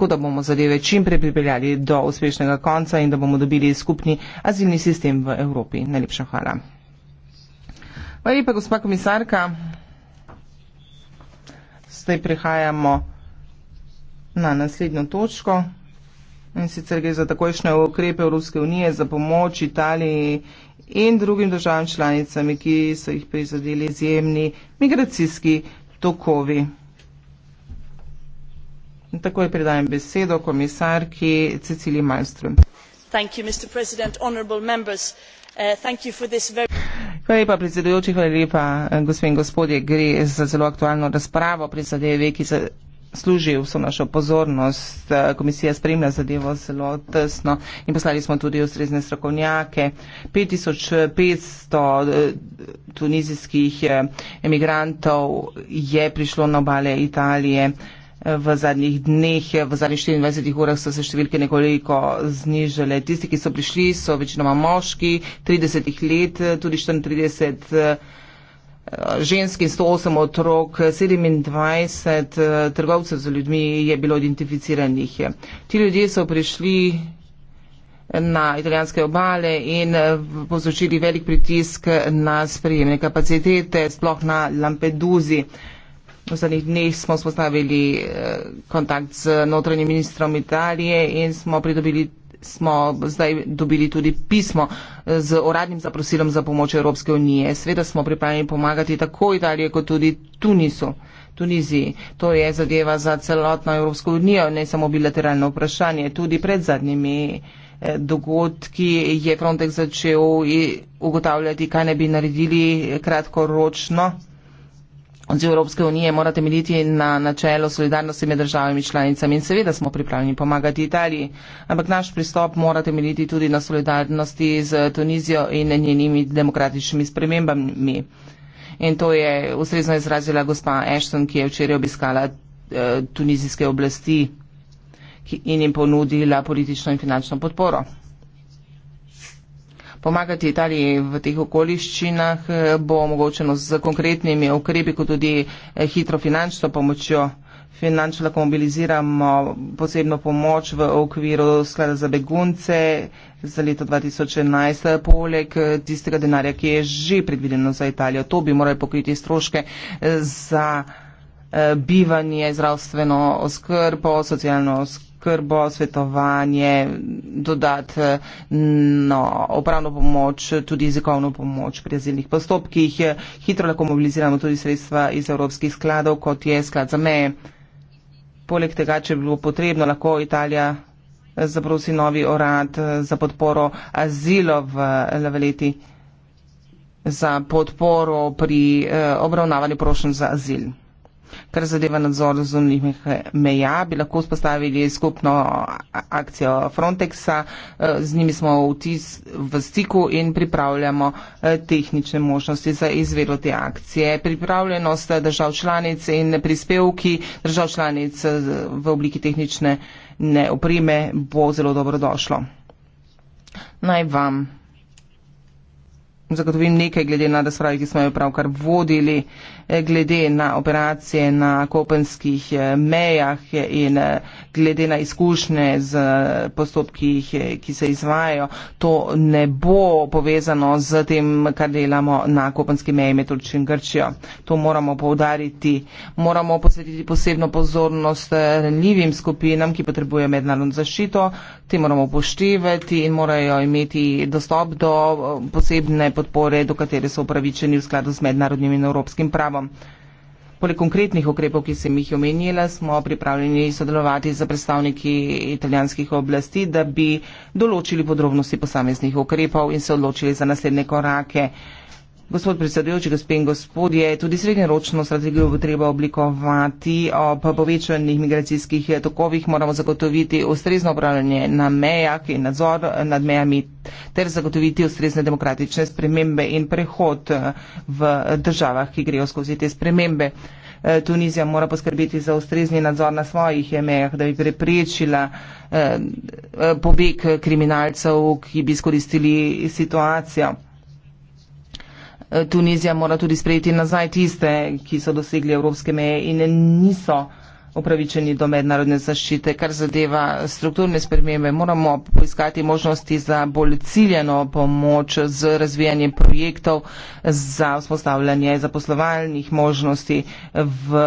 tako da bomo zadeve čim prej pripeljali do uspešnega konca in da bomo dobili skupni azilni sistem v Evropi. Najlepša hvala. Hvala lepa, gospa komisarka. Zdaj prehajamo na naslednjo točko. In sicer gre za takojšnje ukrepe Evropske unije za pomoč Italiji in drugim državam članicami, ki so jih prizadeli izjemni migracijski tokovi. Takoj predajam besedo komisarki Cecilii Malmström. Thank you, Mr. President. Honorable members, uh, thank you for this very. Hvala lepa, predsedujoči, hvala lepa, eh, gospe in gospodje, gre za zelo aktualno razpravo pri zadeve, ki se služi vso našo pozornost. Eh, komisija spremlja zadevo zelo tesno in poslali smo tudi ustrezne strokovnjake. 5500 eh, tunizijskih emigrantov je prišlo na obale Italije v zadnjih dneh, v zadnjih 24 urah so se številke nekoliko znižale. Tisti, ki so prišli, so večinoma moški, 30 let, tudi 34 eh, ženski in 108 otrok, 27 eh, trgovcev z ljudmi je bilo identificiranih. Ti ljudje so prišli na italijanske obale in eh, povzročili velik pritisk na sprejemne kapacitete, sploh na Lampeduzi. V zadnjih dneh smo spostavili eh, kontakt z notranjim ministrom Italije in smo, pridobili, smo zdaj dobili tudi pismo eh, z uradnim zaprosilom za pomoč Evropske unije. Sveda smo pripravljeni pomagati tako Italije kot tudi Tunisu. Tuniziji. To je zadeva za celotno Evropsko unijo, ne samo bilateralno vprašanje. Tudi pred zadnjimi eh, dogodki je Frontex začel ugotavljati, kaj ne bi naredili kratkoročno odziv Evropske unije mora temeljiti na načelo solidarnosti med državami članicami in seveda smo pripravljeni pomagati Italiji, ampak naš pristop mora temeljiti tudi na solidarnosti z Tunizijo in njenimi demokratičnimi spremembami. In to je ustrezno izrazila gospa Ashton, ki je včeraj obiskala eh, tunizijske oblasti in jim ponudila politično in finančno podporo pomagati Italiji v teh okoliščinah eh, bo omogočeno z konkretnimi ukrepi, kot tudi eh, hitro finančno pomočjo. Finančno lahko mobiliziramo posebno pomoč v okviru sklada za begunce za leto 2011, poleg eh, tistega denarja, ki je že predvideno za Italijo. To bi morali pokriti stroške za bivanje, zdravstveno oskrbo, socialno oskrbo oskrbo, svetovanje, dodatno opravno pomoč, tudi jezikovno pomoč pri azilnih postopkih. Hitro lahko mobiliziramo tudi sredstva iz evropskih skladov, kot je sklad za meje. Poleg tega, če bi bilo potrebno, lahko Italija zaprosi novi orad za podporo azilo v Laveleti za podporo pri eh, obravnavanju prošen za azil. Kar zadeva nadzor zunih meja, bi lahko spostavili skupno akcijo Frontexa, eh, z njimi smo v, tis, v stiku in pripravljamo eh, tehnične možnosti za izvedo te akcije. Pripravljenost eh, držav članic in prispevki držav članic v obliki tehnične neoprime bo zelo dobro došlo. Naj vam zagotovim nekaj glede na razprave, ki smo jo pravkar vodili. Eh, glede na operacije na kopenskih eh, mejah in eh, glede na izkušnje z eh, postopki, ki se izvajo, to ne bo povezano z tem, kar delamo na kopenski meji med Turčijo in Grčijo. To moramo povdariti. Moramo posvetiti posebno pozornost ranljivim skupinam, ki potrebujejo mednarodno zaščito. Te moramo poštivati in morajo imeti dostop do posebne podpore, do katere so upravičeni v skladu z mednarodnim in evropskim pravom dialogom. Poleg konkretnih ukrepov, ki sem jih omenjala, smo pripravljeni sodelovati z predstavniki italijanskih oblasti, da bi določili podrobnosti posameznih ukrepov in se odločili za naslednje korake. Gospod predsedujoči, gospe in gospodje, tudi srednjeročno strategijo bo treba oblikovati. Ob povečanih migracijskih tokovih moramo zagotoviti ustrezno upravljanje na mejah in nadzor nad mejami ter zagotoviti ustrezne demokratične spremembe in prehod v državah, ki grejo skozi te spremembe. Tunizija mora poskrbeti za ustrezni nadzor na svojih mejah, da bi preprečila eh, eh, pobeg kriminalcev, ki bi izkoristili situacijo. Tunizija mora tudi sprejeti nazaj tiste, ki so dosegli evropske meje in niso upravičeni do mednarodne zaščite. Kar zadeva strukturne spremembe, moramo poiskati možnosti za bolj ciljeno pomoč z razvijanjem projektov za vzpostavljanje zaposlovalnih možnosti v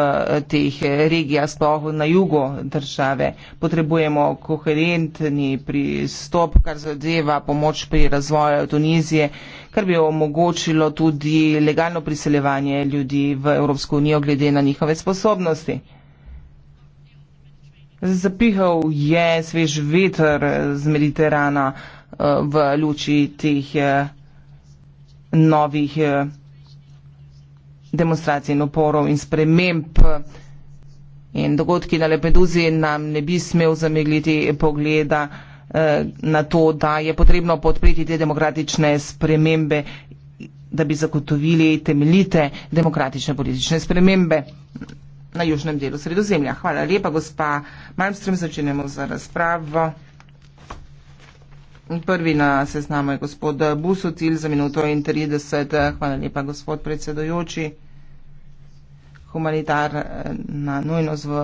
teh regijah, sploh na jugu države. Potrebujemo koherentni pristop, kar zadeva pomoč pri razvoju Tunizije, kar bi omogočilo tudi legalno priseljevanje ljudi v Evropsko unijo glede na njihove sposobnosti. Zapihal je svež veter z Mediterana eh, v luči teh eh, novih eh, demonstracij in oporov in sprememb. In dogodki na Lepeduzi nam ne bi smel zamegliti pogleda na to, da je potrebno podpreti te demokratične spremembe, da bi zagotovili temeljite demokratične politične spremembe na južnem delu sredozemlja. Hvala lepa, gospa Malmström, začenjamo za razpravo. Prvi na seznamu je gospod Busutil za minuto in 30. Hvala lepa, gospod predsedojoči. Humanitarna nujnost v,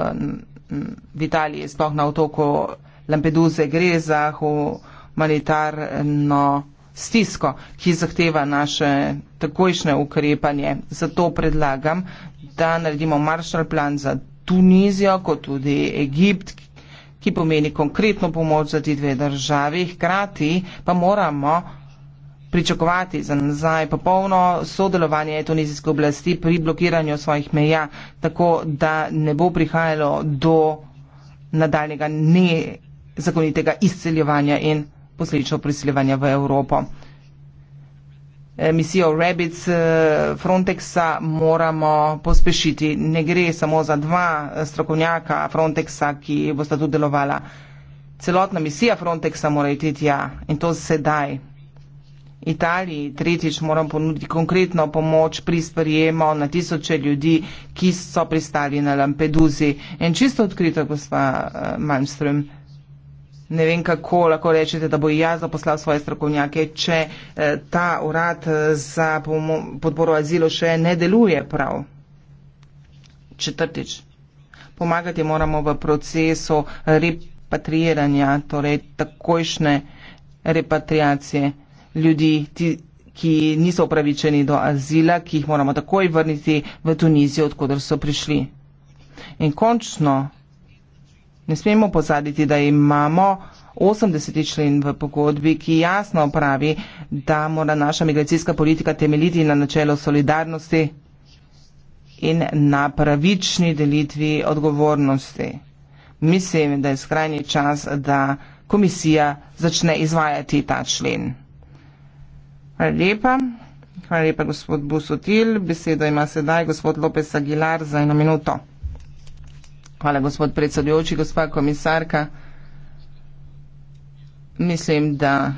v Italiji, sploh na otoku Lampeduse, gre za humanitarno stisko, ki zahteva naše takojšnje ukrepanje. Zato predlagam, da naredimo maršal plan za Tunizijo, kot tudi Egipt, ki pomeni konkretno pomoč za ti dve državi. Hkrati pa moramo pričakovati za nazaj popolno sodelovanje tunizijske oblasti pri blokiranju svojih meja, tako da ne bo prihajalo do nadaljnega nezakonitega izceljevanja in posledično priseljevanja v Evropo. Misijo Rabbits eh, Frontexa moramo pospešiti. Ne gre samo za dva eh, strokovnjaka Frontexa, ki bosta tu delovala. Celotna misija Frontexa mora iti tja in to sedaj. Italiji tretjič moram ponuditi konkretno pomoč pri sprejemu na tisoče ljudi, ki so pristali na Lampeduzi. In čisto odkrito, gospa eh, Malmström, ne vem, kako lahko rečete, da bo jaz zaposlal svoje strokovnjake, če eh, ta urad eh, za podporo azilu še ne deluje prav. Četrtič. Pomagati moramo v procesu repatriiranja, torej takojšne repatriacije ljudi, ti, ki niso upravičeni do azila, ki jih moramo takoj vrniti v Tunizijo, odkudar so prišli. In končno Ne smemo pozaditi, da imamo 80. člen v pogodbi, ki jasno pravi, da mora naša migracijska politika temeljiti na načelu solidarnosti in na pravični delitvi odgovornosti. Mislim, da je skrajni čas, da komisija začne izvajati ta člen. Hvala lepa. Hvala lepa, gospod Busotil. Besedo ima sedaj gospod Lopes Aguilar za eno minuto. Hvala, gospod predsedujoči, gospa komisarka. Mislim, da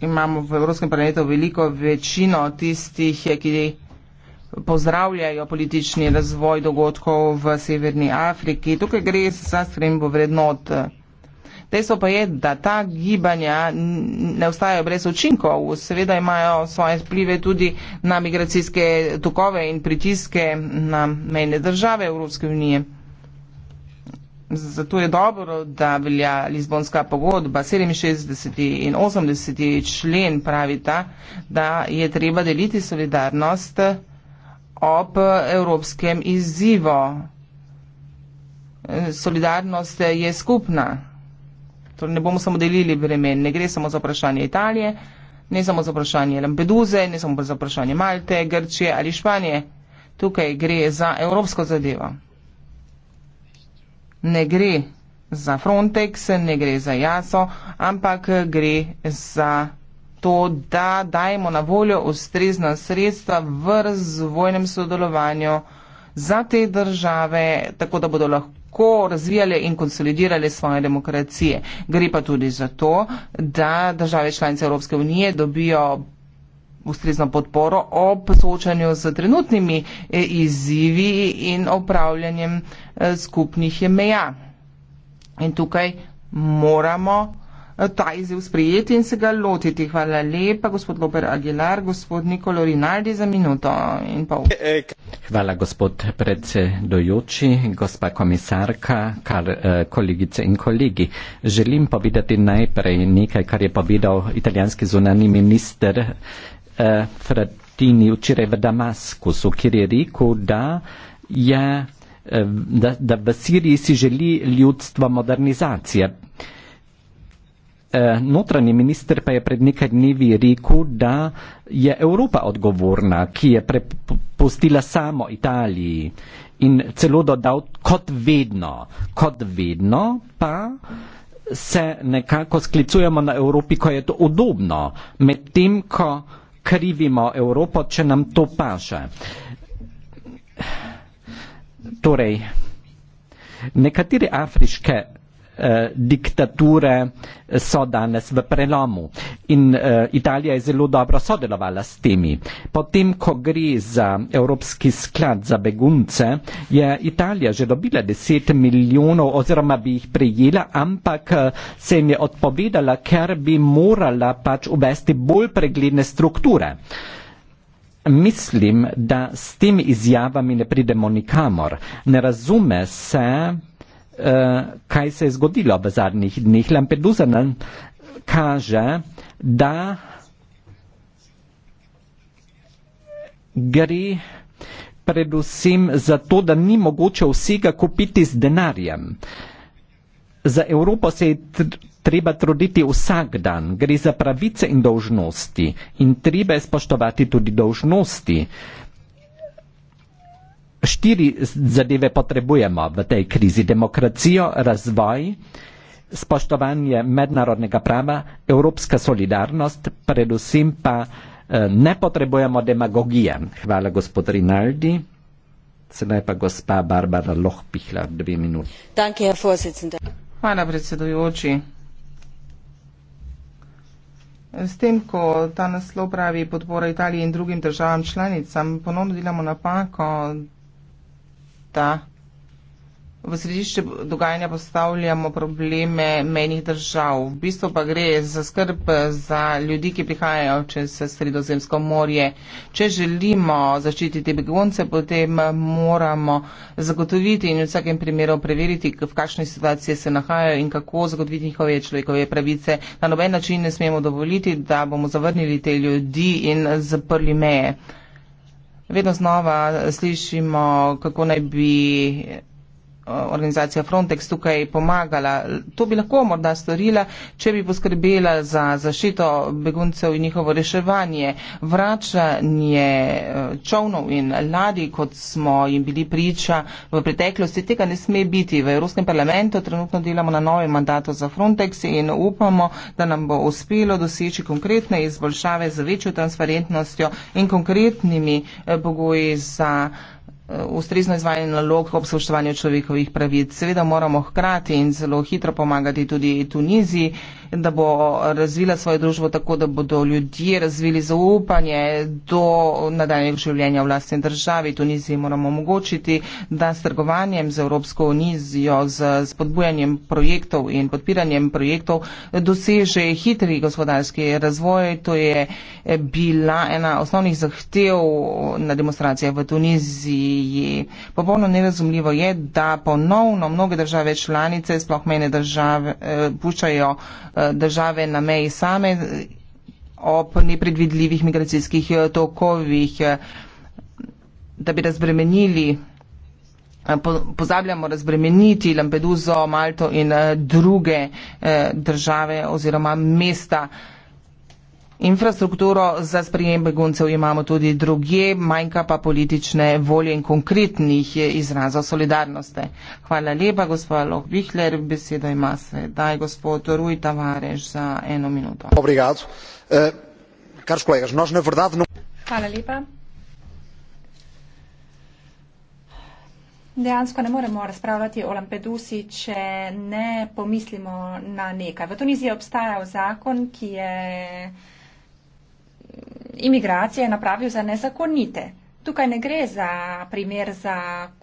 imamo v Evropskem parlamentu veliko večino tistih, ki pozdravljajo politični razvoj dogodkov v Severni Afriki. Tukaj gre za spremembo vrednot. Dejstvo pa je, da ta gibanja ne ostajajo brez učinkov. Seveda imajo svoje vplive tudi na migracijske tokove in pritiske na mejne države Evropske unije. Zato je dobro, da velja Lizbonska pogodba 67 in 80 člen pravita, da je treba deliti solidarnost ob evropskem izzivu. Solidarnost je skupna. Torej ne bomo samo delili bremen, ne gre samo za vprašanje Italije, ne samo za vprašanje Lampeduze, ne samo za vprašanje Malte, Grčije ali Španije. Tukaj gre za evropsko zadevo. Ne gre za Frontex, ne gre za Jaso, ampak gre za to, da dajemo na voljo ustrezna sredstva v razvojnem sodelovanju za te države, tako da bodo lahko lahko razvijale in konsolidirale svoje demokracije. Gre pa tudi za to, da države članice Evropske unije dobijo ustrezno podporo ob soočanju z trenutnimi eh, izzivi in opravljanjem eh, skupnih meja. In tukaj moramo Eh, ta izjiv sprijeti in se ga lotiti. Hvala lepa, gospod Gober Aguilar, gospod Nikolo Rinaldi za minuto in pol. Hvala, gospod predsedujoči, gospa komisarka, kar, eh, kolegice in kolegi. Želim povedati najprej nekaj, kar je povedal italijanski zunani minister eh, Fratini včeraj v Damaskusu, kjer je rekel, da je. Eh, da, da v Siriji si želi ljudstvo modernizacije. Uh, Eh, notranji minister pa je pred nekaj dnevi rekel, da je Evropa odgovorna, ki je prepustila samo Italiji in celo dodal kot vedno, kot vedno pa se nekako sklicujemo na Evropi, ko je to udobno, medtem ko krivimo Evropo, če nam to paše. Torej, nekatere afriške Eh, diktature eh, so danes v prelomu. In eh, Italija je zelo dobro sodelovala s temi. Potem, ko gre za Evropski sklad za begunce, je Italija že dobila 10 milijonov oziroma bi jih prejela, ampak eh, se jim je odpovedala, ker bi morala pač uvesti bolj pregledne strukture. Mislim, da s temi izjavami ne pridemo nikamor. Ne razume se Eh, kaj se je zgodilo v zadnjih dneh. Lampedusa nam kaže, da gre predvsem zato, da ni mogoče vsega kupiti z denarjem. Za Evropo se je treba truditi vsak dan, gre za pravice in dolžnosti in treba je spoštovati tudi dolžnosti štiri zadeve potrebujemo v tej krizi. Demokracijo, razvoj, spoštovanje mednarodnega prava, evropska solidarnost, predvsem pa eh, ne potrebujemo demagogije. Hvala gospod Rinaldi. Sedaj pa gospa Barbara Lohpihla, dve minuti. Hvala, predsedujoči. S tem, ko ta naslov pravi podpora Italiji in drugim državam članicam, ponovno delamo napako, ta, v središče dogajanja postavljamo probleme menih držav. V bistvu pa gre za skrb za ljudi, ki prihajajo čez sredozemsko morje. Če želimo zaščititi begonce, potem moramo zagotoviti in v vsakem primeru preveriti, v kakšne situacije se nahajajo in kako zagotoviti njihove človekove pravice. Na noben način ne smemo dovoliti, da bomo zavrnili te ljudi in zaprli meje vedno znova slišimo, kako naj bi Eh, organizacija Frontex tukaj pomagala. To bi lahko morda storila, če bi poskrbela za zašito beguncev in njihovo reševanje, vračanje eh, čovnov in ladi, kot smo jim bili priča v preteklosti. Tega ne sme biti. V Evropskem parlamentu trenutno delamo na novem mandatu za Frontex in upamo, da nam bo uspelo doseči konkretne izboljšave z večjo transparentnostjo in konkretnimi eh, pogoji za Eh, ustrezno izvajanje nalog ob spoštovanju človekovih pravic. Seveda moramo hkrati in zelo hitro pomagati tudi Tuniziji, da bo razvila svojo družbo tako, da bodo ljudje razvili zaupanje do nadaljnjega življenja v lastni državi. Tuniziji moramo omogočiti, da s trgovanjem z Evropsko unijo, z spodbujanjem projektov in podpiranjem projektov doseže hitri gospodarski razvoj. To je bila ena osnovnih zahtev na demonstracijah v Tuniziji. Siriji. Popolno nerazumljivo je, da ponovno mnoge države članice, sploh mene države, eh, puščajo eh, države na meji same eh, ob nepredvidljivih migracijskih tokovih, da bi razbremenili, pozabljamo razbremeniti Lampeduzo, Malto in druge države oziroma mesta. Infrastrukturo za sprejem beguncev imamo tudi druge, manjka pa politične volje in konkretnih izrazov solidarnosti. Hvala lepa, gospod Loh Bihler, besedo ima se. Daj, gospod Ruj Tavarež, za eno minuto. Eh, Hvala lepa. Dejansko ne moremo razpravljati o Lampedusi, če ne pomislimo na nekaj. V Tuniziji obstaja zakon, ki je imigracije napravil za nezakonite. Tukaj ne gre za primer za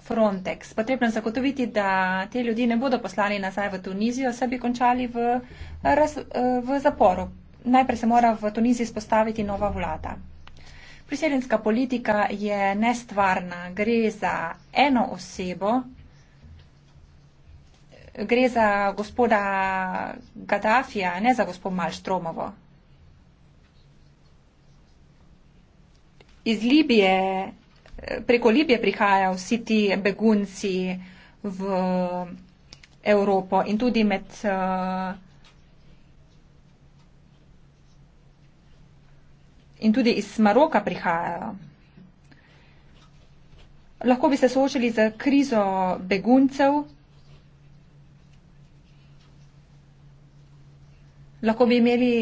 Frontex. Potrebno je zagotoviti, da te ljudi ne bodo poslali nazaj v Tunizijo, saj bi končali v, raz, v zaporu. Najprej se mora v Tuniziji spostaviti nova vlada. Priseljenska politika je nestvarna. Gre za eno osebo, gre za gospoda Gaddafija, ne za gospod Malštromovo. iz Libije, preko Libije prihajajo vsi ti begunci v Evropo in tudi med. Eh, in tudi iz Maroka prihajajo. Lahko bi se soočili z krizo beguncev. Lahko bi imeli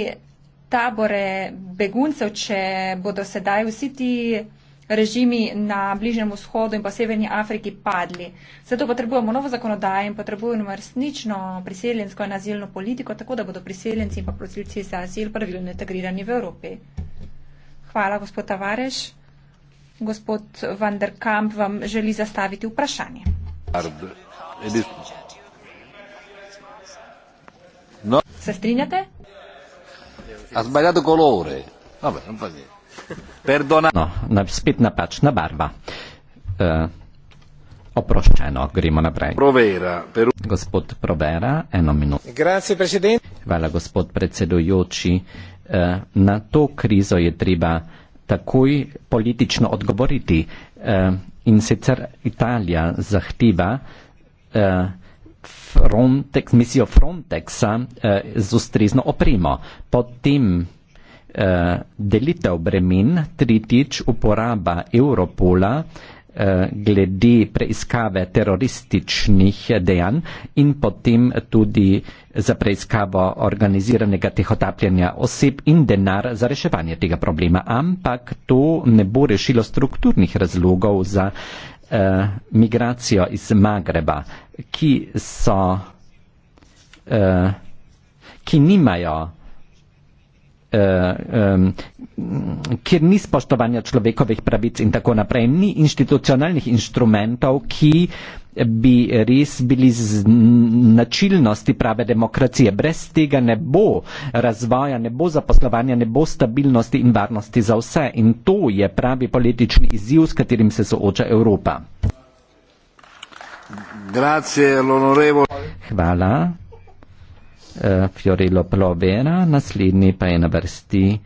tabore beguncev, če bodo sedaj vsi ti režimi na Bližnjem vzhodu in pa Severni Afriki padli. Zato potrebujemo novo zakonodajo in potrebujemo resnično priseljensko in azilno politiko, tako da bodo priseljenci in pa prosilci za azil pravilno integrirani v Evropi. Hvala, gospod Tavareš. Gospod Van der Kamp vam želi zastaviti vprašanje. Se strinjate? ha sbagliato colore. Vabbè, non fa niente. Perdona. No, na, spet una patch, barba. Uh, eh, Oprosceno, Grimo Naprei. Provera. Per... Gospod Provera, è nominato. Grazie, Presidente. Vala, gospod predsedujoči, eh, na to krizo je treba takoj politično odgovoriti. Eh, in sicer Italija zahteva Frontex, misijo Frontexa eh, z ustrezno opremo. Potem eh, delitev bremen, tretjič uporaba Europola eh, glede preiskave terorističnih dejanj in potem tudi za preiskavo organiziranega tehotapljanja oseb in denar za reševanje tega problema. Ampak to ne bo rešilo strukturnih razlogov za uh, eh, migracijo iz Magreba, ki so, eh, ki nimajo, eh, eh, kjer ni spoštovanja človekovih pravic in tako naprej, ni institucionalnih inštrumentov, ki eh, bi res bili značilnosti prave demokracije. Brez tega ne bo razvoja, ne bo zaposlovanja, ne bo stabilnosti in varnosti za vse. In to je pravi politični izziv, s katerim se sooča Evropa. Grazie, Hvala. Eh, Fiorello Plovera, naslednji pa je na vrsti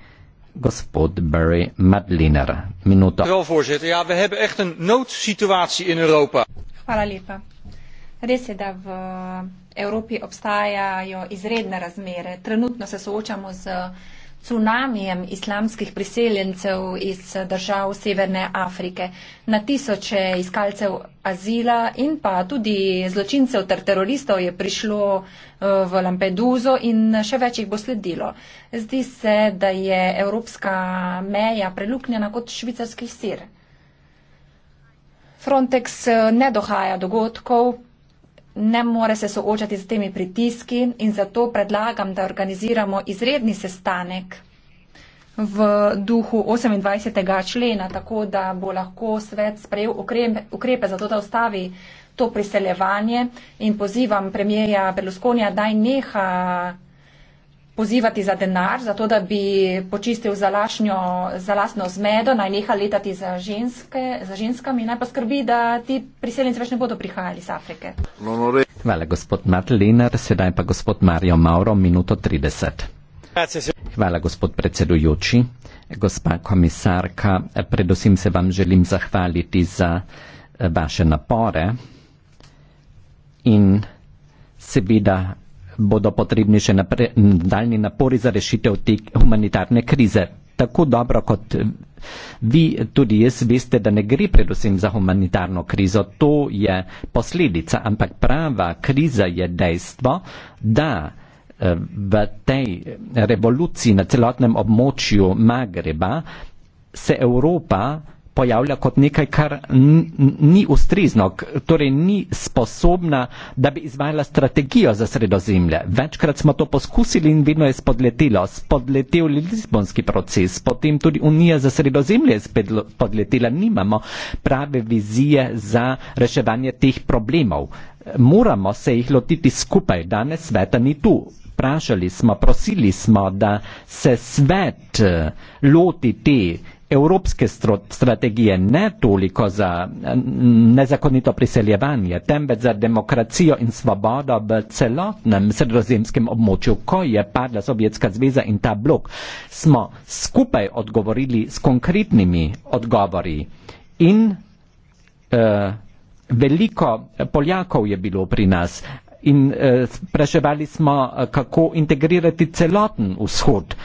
gospod Barry Madliner. Minuto. Voorzitter, ja, we hebben echt een noodsituatie in Europa. Hvala lepa. Res je, da v Evropi obstajajo izredne razmere. Trenutno se soočamo z tsunamijem islamskih priseljencev iz držav Severne Afrike. Na tisoče iskalcev azila in pa tudi zločincev ter teroristov je prišlo eh, v Lampeduzo in še več jih bo sledilo. Zdi se, da je evropska meja preluknjena kot švicarski sir. Frontex eh, ne dohaja dogodkov, ne more se soočati z temi pritiski in zato predlagam, da organiziramo izredni sestanek v duhu 28. člena, tako da bo lahko svet sprejel ukrepe, ukrepe za to, da ustavi to priseljevanje in pozivam premjera Berlusconija, daj neha pozivati za denar, zato da bi počistil za, lašnjo, za lasno zmedo, naj neha letati za, ženske, za ženskami, naj poskrbi, da ti priseljenci več ne bodo prihajali iz Afrike. Hvala, gospod Matlinar. Sedaj pa gospod Marjo Mauro, minuto 30. Hvala, gospod predsedujoči. Gospa komisarka, predvsem se vam želim zahvaliti za eh, vaše napore in seveda bodo potrebni še napre, daljni napori za rešitev te humanitarne krize. Tako dobro kot eh, vi, tudi jaz veste, da ne gre predvsem za humanitarno krizo, to je posledica, ampak prava kriza je dejstvo, da eh, v tej revoluciji na celotnem območju Magreba se Evropa pojavlja kot nekaj, kar ni ustrezno, torej ni sposobna, da bi izvajala strategijo za sredozemlje. Večkrat smo to poskusili in vedno je spodletelo. Spodletel je Lizbonski proces, potem tudi Unija za sredozemlje je spodletela. Nimamo prave vizije za reševanje teh problemov. Moramo se jih lotiti skupaj. Danes sveta ni tu. Prašali smo, prosili smo, da se svet eh, loti te evropske strategije, ne toliko za nezakonito priseljevanje, temveč za demokracijo in svobodo v celotnem sredozemskem območju, ko je padla Sovjetska zveza in ta blok, smo skupaj odgovorili s konkretnimi odgovori in uh, veliko Poljakov je bilo pri nas. In eh, spraševali smo, eh, kako integrirati celoten vzhod.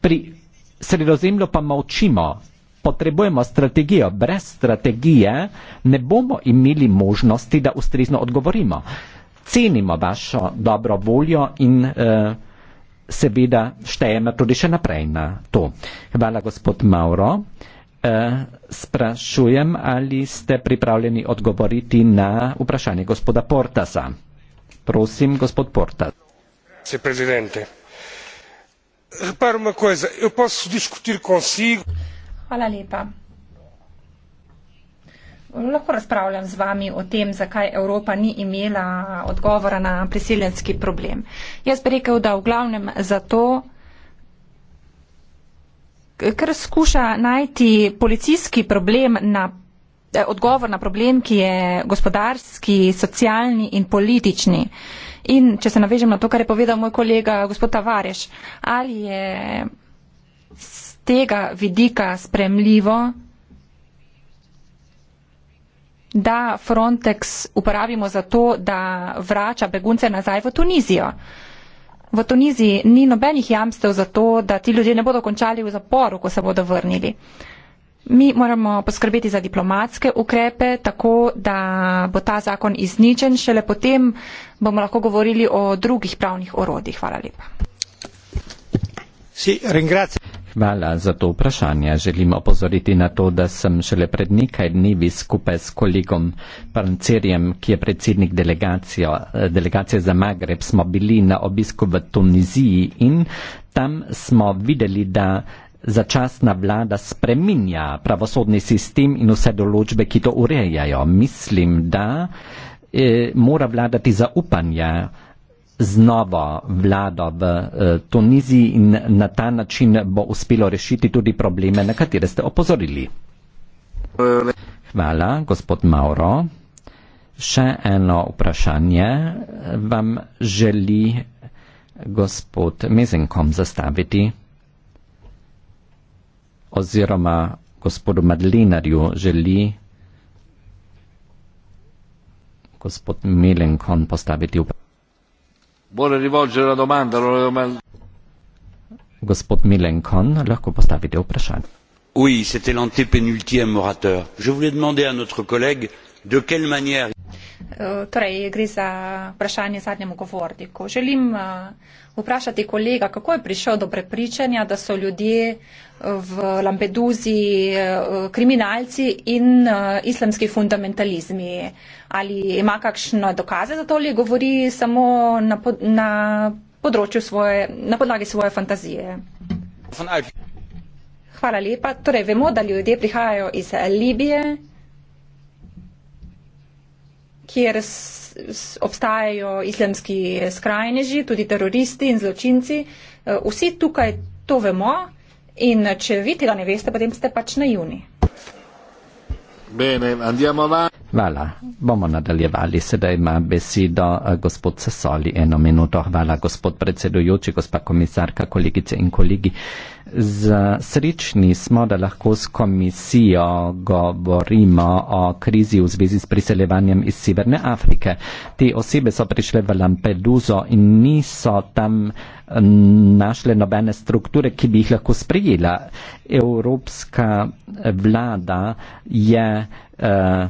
Pri sredozemlju pa močimo, potrebujemo strategijo. Brez strategije ne bomo imeli možnosti, da ustrezno odgovorimo. Cenimo vašo dobro voljo in uh, seveda štejemo tudi še naprej na to. Hvala, gospod Mauro. Uh, sprašujem, ali ste pripravljeni odgovoriti na vprašanje gospoda Portasa. Prosim, gospod Portas. Se predsedujem. Reparo me, ko je za. Posso diskutir consigo? Hvala lepa. Lahko razpravljam z vami o tem, zakaj Evropa ni imela odgovora na priseljenski problem. Jaz bi rekel, da v glavnem zato, ker skuša najti policijski problem na eh, odgovor na problem, ki je gospodarski, socialni in politični. In če se navežem na to, kar je povedal moj kolega gospod Tavareš, ali je tega vidika spremljivo, da Frontex uporabimo za to, da vrača begunce nazaj v Tunizijo. V Tuniziji ni nobenih jamstev za to, da ti ljudje ne bodo končali v zaporu, ko se bodo vrnili. Mi moramo poskrbeti za diplomatske ukrepe, tako da bo ta zakon izničen, šele potem bomo lahko govorili o drugih pravnih orodjih. Hvala lepa. Si, Hvala za to vprašanje. Želim opozoriti na to, da sem šele pred nekaj dnevi skupaj s kolegom Pancerjem, ki je predsednik delegacije za Magreb, smo bili na obisku v Tuniziji in tam smo videli, da začasna vlada spreminja pravosodni sistem in vse določbe, ki to urejajo. Mislim, da e, mora vladati zaupanje z novo vlado v eh, Tuniziji in na ta način bo uspelo rešiti tudi probleme, na katere ste opozorili. Hvala, gospod Mauro. Še eno vprašanje vam želi gospod Mezenkom zastaviti oziroma gospodu Madlinarju želi gospod Melenkom postaviti vprašanje. Vuole rivolgere la domanda all'onorevole Mal... Gospod Milenkon, lahko postavite vprašanje. Oui, c'était l'antepenultième orateur. Je voulais demander à notre collègue de quelle manière... Eh, torej gre za vprašanje zadnjemu govorniku. Želim eh, vprašati kolega, kako je prišel do prepričanja, da so ljudje eh, v Lampeduzi kriminalci in islamski fundamentalizmi. Ali ima kakšno dokaze za to ali govori samo na, na področju svoje, na podlagi svoje fantazije? Hvala lepa. Torej, vemo, da ljudje prihajajo iz Libije, kjer obstajajo islamski skrajneži, tudi teroristi in zločinci. Eh, vsi tukaj to vemo in eh, če vi tega ne veste, potem ste pač naivni. Bene, andiamo avanti. Voilà, bomo nadaljevali. Sedaj ima besedo eh, gospod Sesoli eno minuto. Hvala, gospod predsedujoči, gospa komisarka, kolegice in kolegi. Z srečni smo, da lahko s komisijo govorimo o krizi v zvezi s priseljevanjem iz Severne Afrike. Te osebe so prišle v Lampeduzo in niso tam našle nobene strukture, ki bi jih lahko sprejela. Evropska vlada je eh,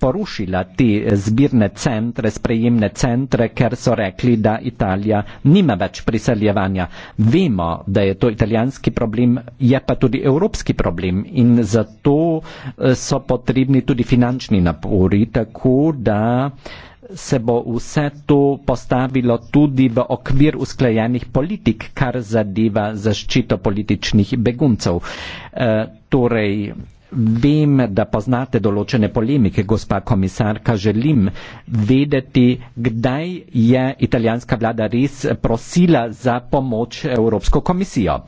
porušila te zbirne centre, sprejemne centre, ker so rekli, da Italija nima več priseljevanja. Vemo, da je to italijanski problem, je pa tudi evropski problem in zato eh, so potrebni tudi finančni napori, tako da uh, se bo vse to postavilo tudi v okvir usklajenih politik, kar zadeva zaščito političnih beguncev. E, torej, vem, da poznate določene polemike, gospa komisarka, želim vedeti, kdaj je italijanska vlada res prosila za pomoč Evropsko komisijo.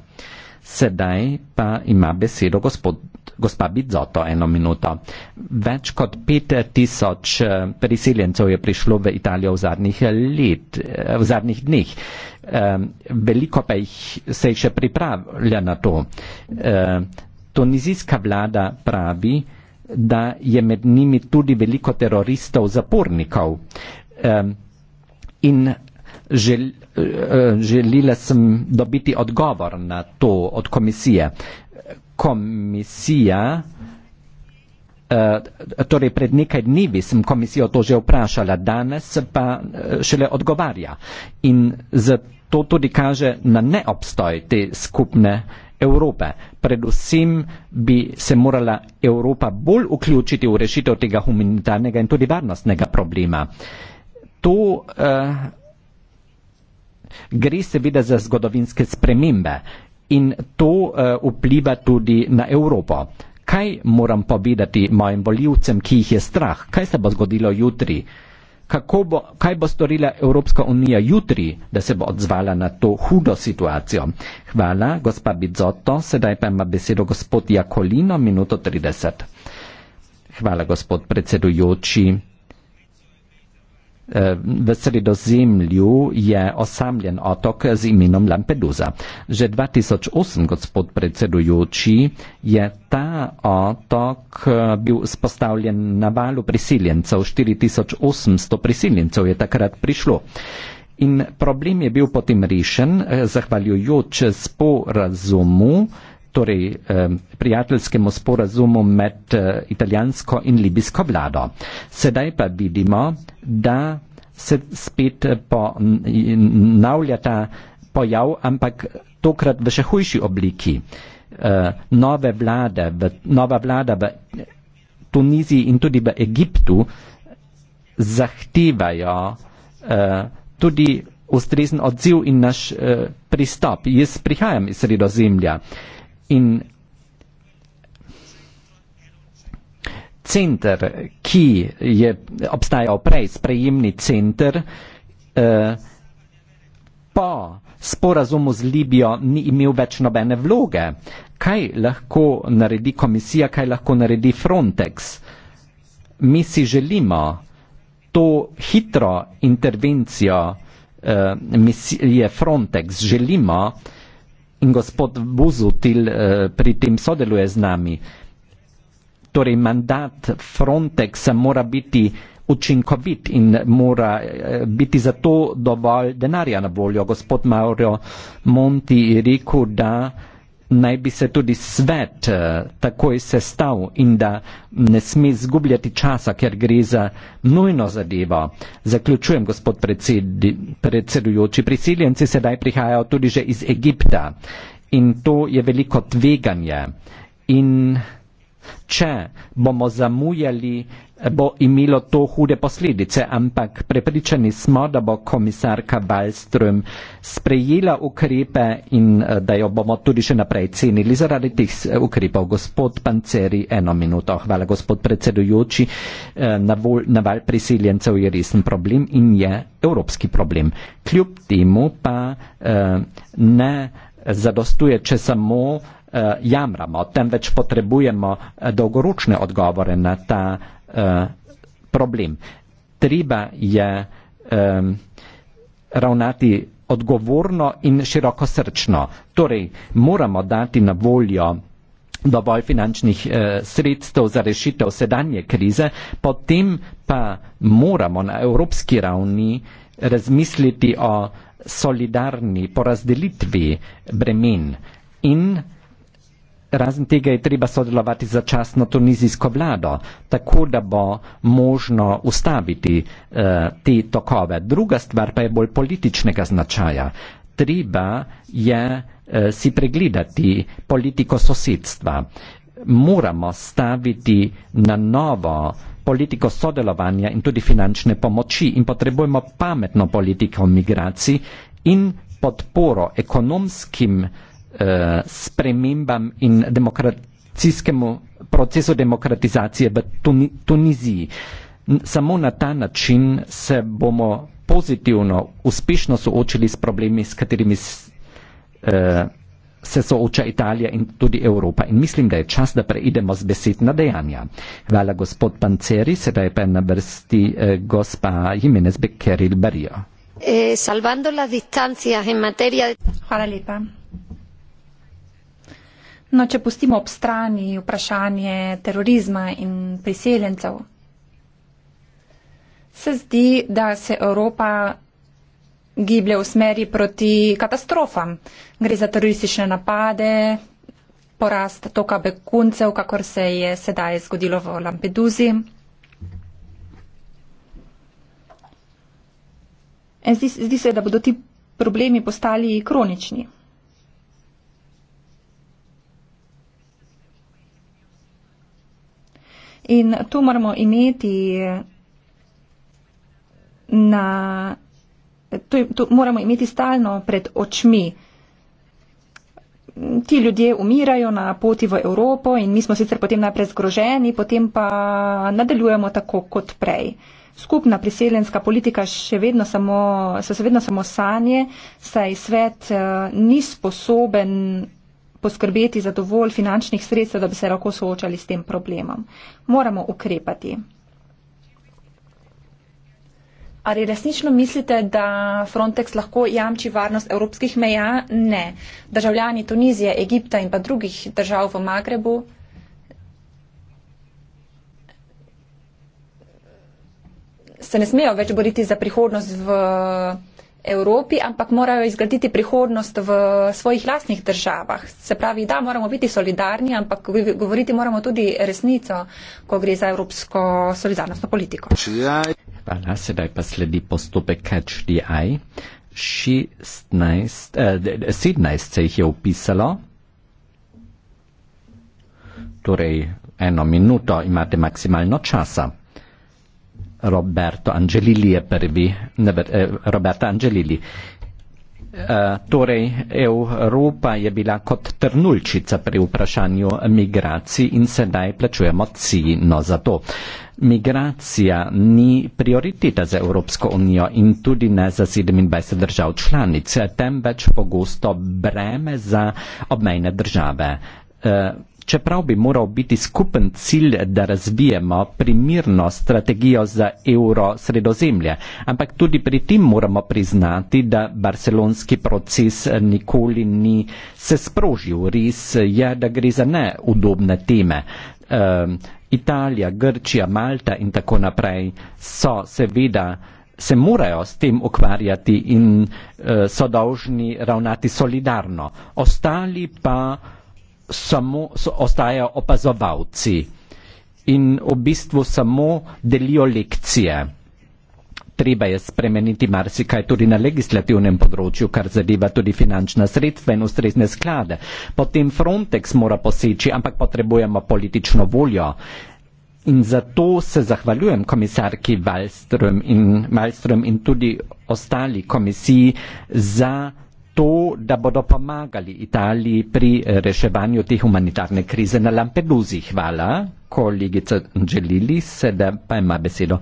Sedaj pa ima besedo gospod Gospa Bizoto, eno minuto. Več kot pet tisoč eh, priseljencev je prišlo v Italijo v zadnjih, let, eh, v zadnjih dneh. Ehm, veliko pa jih se še pripravlja na to. Ehm, tunizijska vlada pravi, da je med njimi tudi veliko teroristov, zapornikov. Ehm, in žel, eh, želela sem dobiti odgovor na to od komisije komisija, eh, torej pred nekaj dnevi sem komisijo to že vprašala, danes pa eh, šele odgovarja. In zato tudi kaže na neobstoj te skupne Evrope. Predvsem bi se morala Evropa bolj vključiti v rešitev tega humanitarnega in tudi varnostnega problema. To uh, gre seveda za zgodovinske spremembe in to uh, vpliva tudi na Evropo. Kaj moram povedati mojim voljivcem, ki jih je strah? Kaj se bo zgodilo jutri? Bo, kaj bo storila Evropska unija jutri, da se bo odzvala na to hudo situacijo? Hvala, gospa Bizotto. Sedaj pa ima besedo gospod Jakolino, minuto 30. Hvala, gospod predsedujoči w eh, Sredozemlju je osamljen otok z imieniu Lampedusa. Że 2008, gospod predsedujući, je ta otok eh, był spostawljen na balu prisiljencov. 4800 prisiljencov je takrat prišlo. In problem je bil potem rešen, eh, zahvaljujoč sporazumu, torej prijateljskemu sporazumu med eh, italijansko in libijsko vlado. Sedaj pa vidimo, da se spet eh, ponavlja ta pojav, ampak tokrat v še hujši obliki. Eh, nove vlade, nova vlada v Tuniziji in tudi v Egiptu zahtevajo tudi ustrezen odziv in naš pristop. Jaz prihajam iz sredozemlja in center, ki je obstajal prej, sprejemni center, eh, po sporazumu z Libijo ni imel več nobene vloge. Kaj lahko naredi komisija, kaj lahko naredi Frontex? Mi si želimo to hitro intervencijo eh, misije Frontex. Želimo, eh, in gospod Buzutil uh, pri tem sodeluje z nami. Torej, mandat Frontexa mora biti učinkovit in mora eh, biti za to dovolj denarja na voljo. Gospod Mauro Monti je rekel, da uh, naj bi se tudi svet uh, takoj sestav in da ne sme zgubljati časa, ker gre za nujno zadevo. Zaključujem, gospod predsedi, predsedujoči. Prisiljenci sedaj prihajajo tudi že iz Egipta in to je veliko tveganje. In če bomo zamujali bo imelo to hude posledice, ampak prepričani smo, da bo komisarka Balström sprejela ukrepe in eh, da jo bomo tudi še naprej cenili zaradi teh eh, ukrepov. Gospod Panceri, eno minuto. Hvala, gospod predsedujoči. Eh, Naval priseljencev je resen problem in je evropski problem. Kljub temu pa ne zadostuje, če samo jamramo, temveč potrebujemo dolgoročne odgovore na ta problem. Eh, problem. Treba je um, ravnati odgovorno in široko srčno. Torej, moramo dati na voljo dovolj finančnih uh, sredstev za rešitev sedanje krize, potem pa moramo na evropski ravni razmisliti o solidarni porazdelitvi bremen in Razen tega je treba sodelovati začasno tunizijsko vlado, tako da bo možno ustaviti uh, te tokove. Druga stvar pa je bolj političnega značaja. Treba je uh, si pregledati politiko sosedstva. Moramo staviti na novo politiko sodelovanja in tudi finančne pomoči in potrebujemo pametno politiko migracij in podporo ekonomskim uh, uh, spremembam in demokracijskemu procesu demokratizacije v Tuni Tuniziji. N samo na ta način se bomo pozitivno, uspešno soočili s problemi, s katerimi uh, se sooča Italija in tudi Evropa. In mislim, da je čas, da preidemo z besed na dejanja. Hvala gospod Panceri, sedaj pa je na vrsti uh, gospa Jimenez Bekeril Barijo. Eh, salvando las distancias en materia de... Hvala lepa. No, če pustimo ob strani vprašanje terorizma in priseljencev, se zdi, da se Evropa giblje v smeri proti katastrofam. Gre za teroristične napade, porast toka beguncev, kakor se je sedaj zgodilo v Lampeduzi. Zdi, zdi se, da bodo ti problemi postali kronični. In tu moramo imeti na, tu, tu moramo imeti stalno pred očmi. Ti ljudje umirajo na poti v Evropo in mi smo sicer potem najprej zgroženi, potem pa nadaljujemo tako kot prej. Skupna priseljenska politika še vedno samo, so še vedno samo sanje, saj svet eh, ni sposoben poskrbeti za dovolj finančnih sredstev, da bi se lahko soočali s tem problemom. Moramo ukrepati. Ali resnično mislite, da Frontex lahko jamči varnost evropskih meja? Ne. Državljani Tunizije, Egipta in pa drugih držav v Magrebu se ne smejo več boriti za prihodnost v Evropi, ampak morajo izgraditi prihodnost v svojih lastnih državah. Se pravi, da moramo biti solidarni, ampak govoriti moramo tudi resnico, ko gre za evropsko solidarnostno politiko. Hvala, sedaj pa sledi postopek Catch the Eye. 16, eh, 17 se jih je upisalo. Torej, eno minuto imate maksimalno časa. Roberto Angelili je prvi, ne, eh, Roberta Angelili. Uh, eh, torej, Evropa je bila kot trnulčica pri vprašanju migracij in sedaj plačujemo cino za to. Migracija ni prioriteta za Evropsko unijo in tudi ne za 27 držav članice, temveč pogosto breme za obmejne države. Uh, čeprav bi moral biti skupen cilj, da razvijemo primirno strategijo za eurosredozemlje. Ampak tudi pri tem moramo priznati, da barcelonski proces nikoli ni se sprožil. Res je, da gre za neudobne teme. Ehm, Italija, Grčija, Malta in tako naprej so seveda se morajo s tem ukvarjati in eh, so dolžni ravnati solidarno. Ostali pa samo so, ostajajo opazovalci in v bistvu samo delijo lekcije. Treba je spremeniti marsikaj tudi na legislativnem področju, kar zadeva tudi finančna sredstva in ustrezne sklade. Potem Frontex mora poseči, ampak potrebujemo politično voljo. In zato se zahvaljujem komisarki Malström in, in tudi ostali komisiji za to, da bodo pomagali Italiji pri eh, reševanju te humanitarne krize na Lampeduzi. Hvala, kolegica Angelili, sedaj pa ima besedo.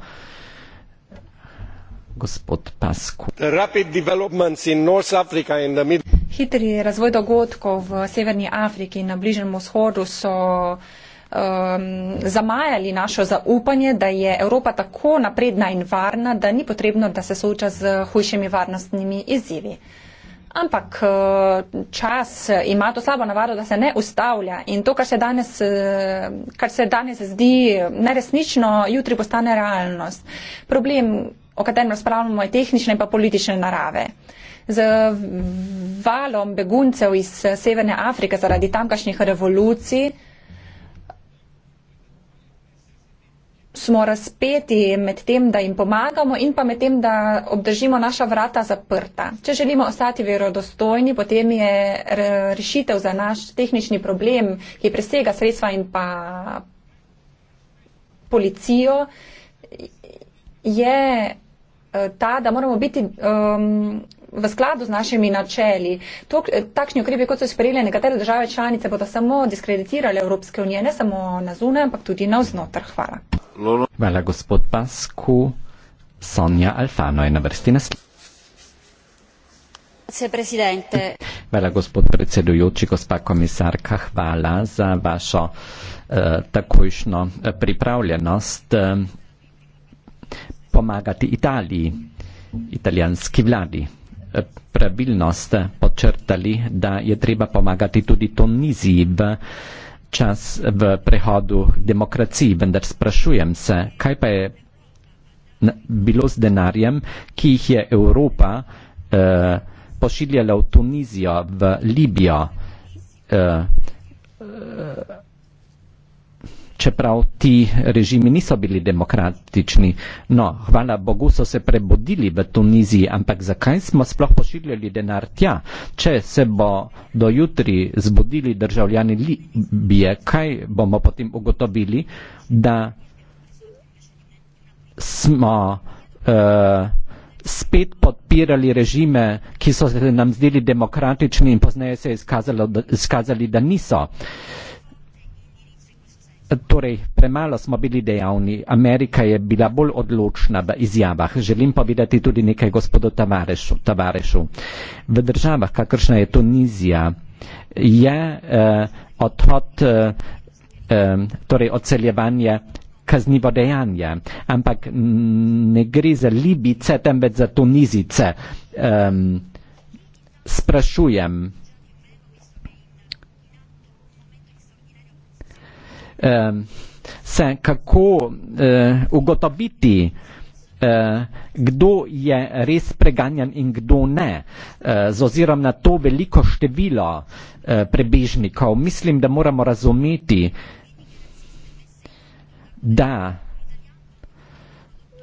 Hitri razvoj dogodkov v Severni Afriki in na Bližnjem vzhodu so um, zamajali našo zaupanje, da je Evropa tako napredna in varna, da ni potrebno, da se sooča z hujšimi varnostnimi izzivi. Uh, Ampak eh, čas eh, ima to slabo navado, da se ne ustavlja in to, kar se danes, eh, kar se danes zdi neresnično, jutri postane realnost. Problem, o katerem razpravljamo, je tehnične in politične narave. Z valom beguncev iz Severne Afrike zaradi tamkajšnjih revolucij smo razpeti med tem, da jim pomagamo in pa med tem, da obdržimo naša vrata zaprta. Če želimo ostati verodostojni, potem je rešitev za naš tehnični problem, ki presega sredstva in pa policijo, je Eh, ta, da moramo biti um, v skladu z našimi načeli. To, eh, takšni ukrepi, kot so sprejeli nekatere države članice, bodo samo diskreditirali Evropske unije, ne samo na zunaj, ampak tudi na vznotr. Hvala. Hvala, gospod Pasku. Sonja Alfano je na vrsti naslednja. Hvala, gospod predsedujoči, gospa komisarka, hvala za vašo eh, takojšno eh, pripravljenost. Eh, pomagati Italiji, italijanski vladi. Eh, pravilno ste počrtali, da je treba pomagati tudi Tuniziji v čas v prehodu demokraciji, vendar sprašujem se, kaj pa je bilo z denarjem, ki jih je Evropa eh, pošiljala v Tunizijo, v Libijo. Eh, eh, čeprav ti režimi niso bili demokratični. No, hvala Bogu so se prebudili v Tuniziji, ampak zakaj smo sploh pošiljali denar tja? Če se bo do jutri zbudili državljani Libije, kaj bomo potem ugotovili, da smo uh, spet podpirali režime, ki so se nam zdeli demokratični in pozneje se je izkazali, da niso. Uh, Torej, premalo smo bili dejavni. Amerika je bila bolj odločna v izjavah. Želim povedati tudi nekaj gospodu Tavarešu. tavarešu. V državah, kakršna je Tunizija, je eh, odhod, eh, eh torej odseljevanje kaznivo dejanje, ampak ne gre za Libice, temveč za Tunizice. Eh, sprašujem, eh, se kako eh, ugotoviti, eh, kdo je res preganjan in kdo ne, eh, z ozirom na to veliko število eh, prebežnikov. Mislim, da moramo razumeti, da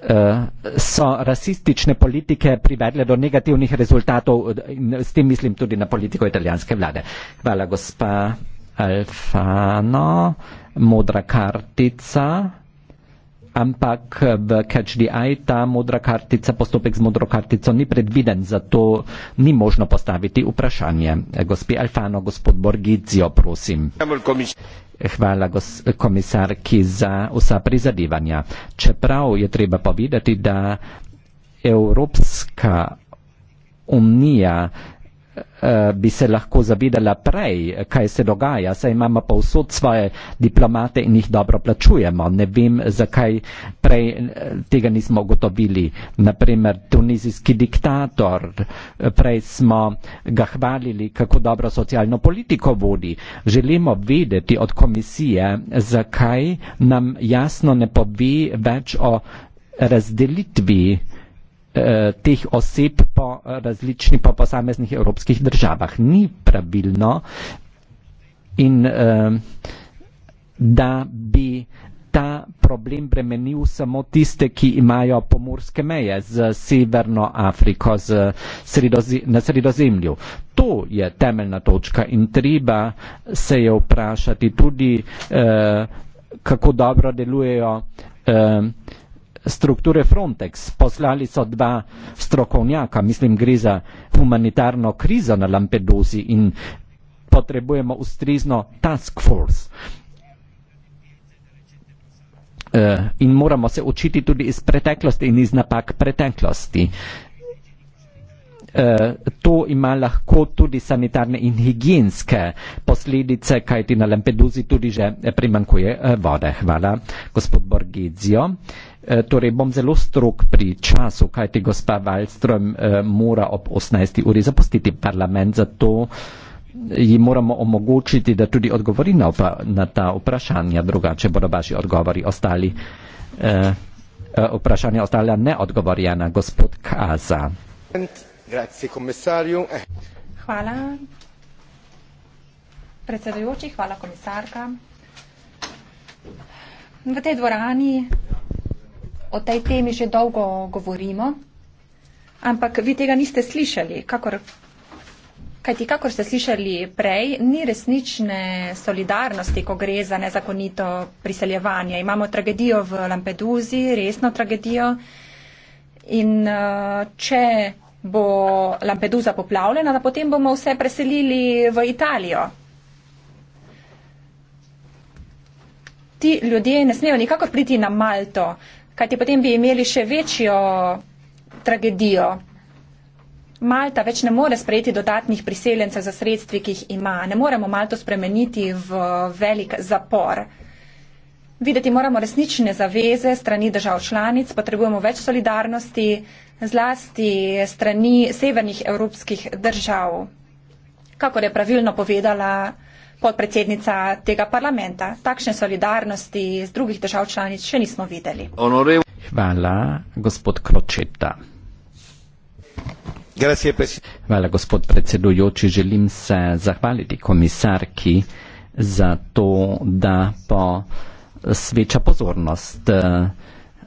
eh, so rasistične politike privedle do negativnih rezultatov eh, in s tem mislim tudi na politiko italijanske vlade. Hvala, gospa. Alfano, modra kartica, ampak v Catch the Eye ta modra kartica, postopek z modro kartico ni predviden, zato ni možno postaviti vprašanje. Gospi Alfano, gospod Borgizio, prosim. Hvala gos, komisarki za vsa prizadevanja. Čeprav je treba povedati, da Evropska unija Eh, bi se lahko zavedala prej, kaj se dogaja, saj imamo pa vsod svoje diplomate in jih dobro plačujemo. Ne vem, zakaj prej eh, tega nismo ugotovili. Naprimer, tunizijski diktator, eh, prej smo ga hvalili, kako dobro socialno politiko vodi. Želimo vedeti od komisije, zakaj nam jasno ne pove več o razdelitvi uh, Eh, teh oseb po eh, različnih, po posameznih evropskih državah. Ni pravilno in eh, da bi ta problem bremenil samo tiste, ki imajo pomorske meje z Severno Afriko, z sredozi, na sredozemlju. To je temeljna točka in treba se je vprašati tudi, eh, kako dobro delujejo eh, strukture Frontex poslali so dva strokovnjaka, mislim, gre za humanitarno krizo na Lampedusi in potrebujemo ustrezno task force. Eh, in moramo se učiti tudi iz preteklosti in iz napak preteklosti. Eh, to ima lahko tudi sanitarne in higijenske posledice, kajti na Lampeduzi tudi že primankuje eh, vode. Hvala, gospod Borgizio. Eh, torej bom zelo strok pri času, kajti gospa Wallström eh, mora ob 18. uri zapustiti parlament, zato ji moramo omogočiti, da tudi odgovori na, opa, na ta vprašanja, drugače bodo vaši odgovori ostali. Eh, Vprašanje ostala neodgovorjena, gospod Kaza. Hvala. Predsedujoči, hvala komisarka. V tej dvorani o tej temi že dolgo govorimo, ampak vi tega niste slišali, kakor, kajti kakor ste slišali prej, ni resnične solidarnosti, ko gre za nezakonito priseljevanje. Imamo tragedijo v Lampeduzi, resno tragedijo. In eh, če bo Lampeduza poplavljena, da potem bomo vse preselili v Italijo. Ti ljudje ne smejo nikakor priti na Malto kajti potem bi imeli še večjo tragedijo. Malta več ne more sprejeti dodatnih priseljencev za sredstvi, ki jih ima. Ne moremo Malto spremeniti v velik zapor. Videti moramo resnične zaveze strani držav članic, potrebujemo več solidarnosti, zlasti strani severnih evropskih držav. Kakor je pravilno povedala podpredsednica tega parlamenta. Takšne solidarnosti z drugih držav članic še nismo videli. Hvala, gospod Kročeta. Hvala, gospod predsedujoči. Želim se zahvaliti komisarki za to, da posveča pozornost. Uh,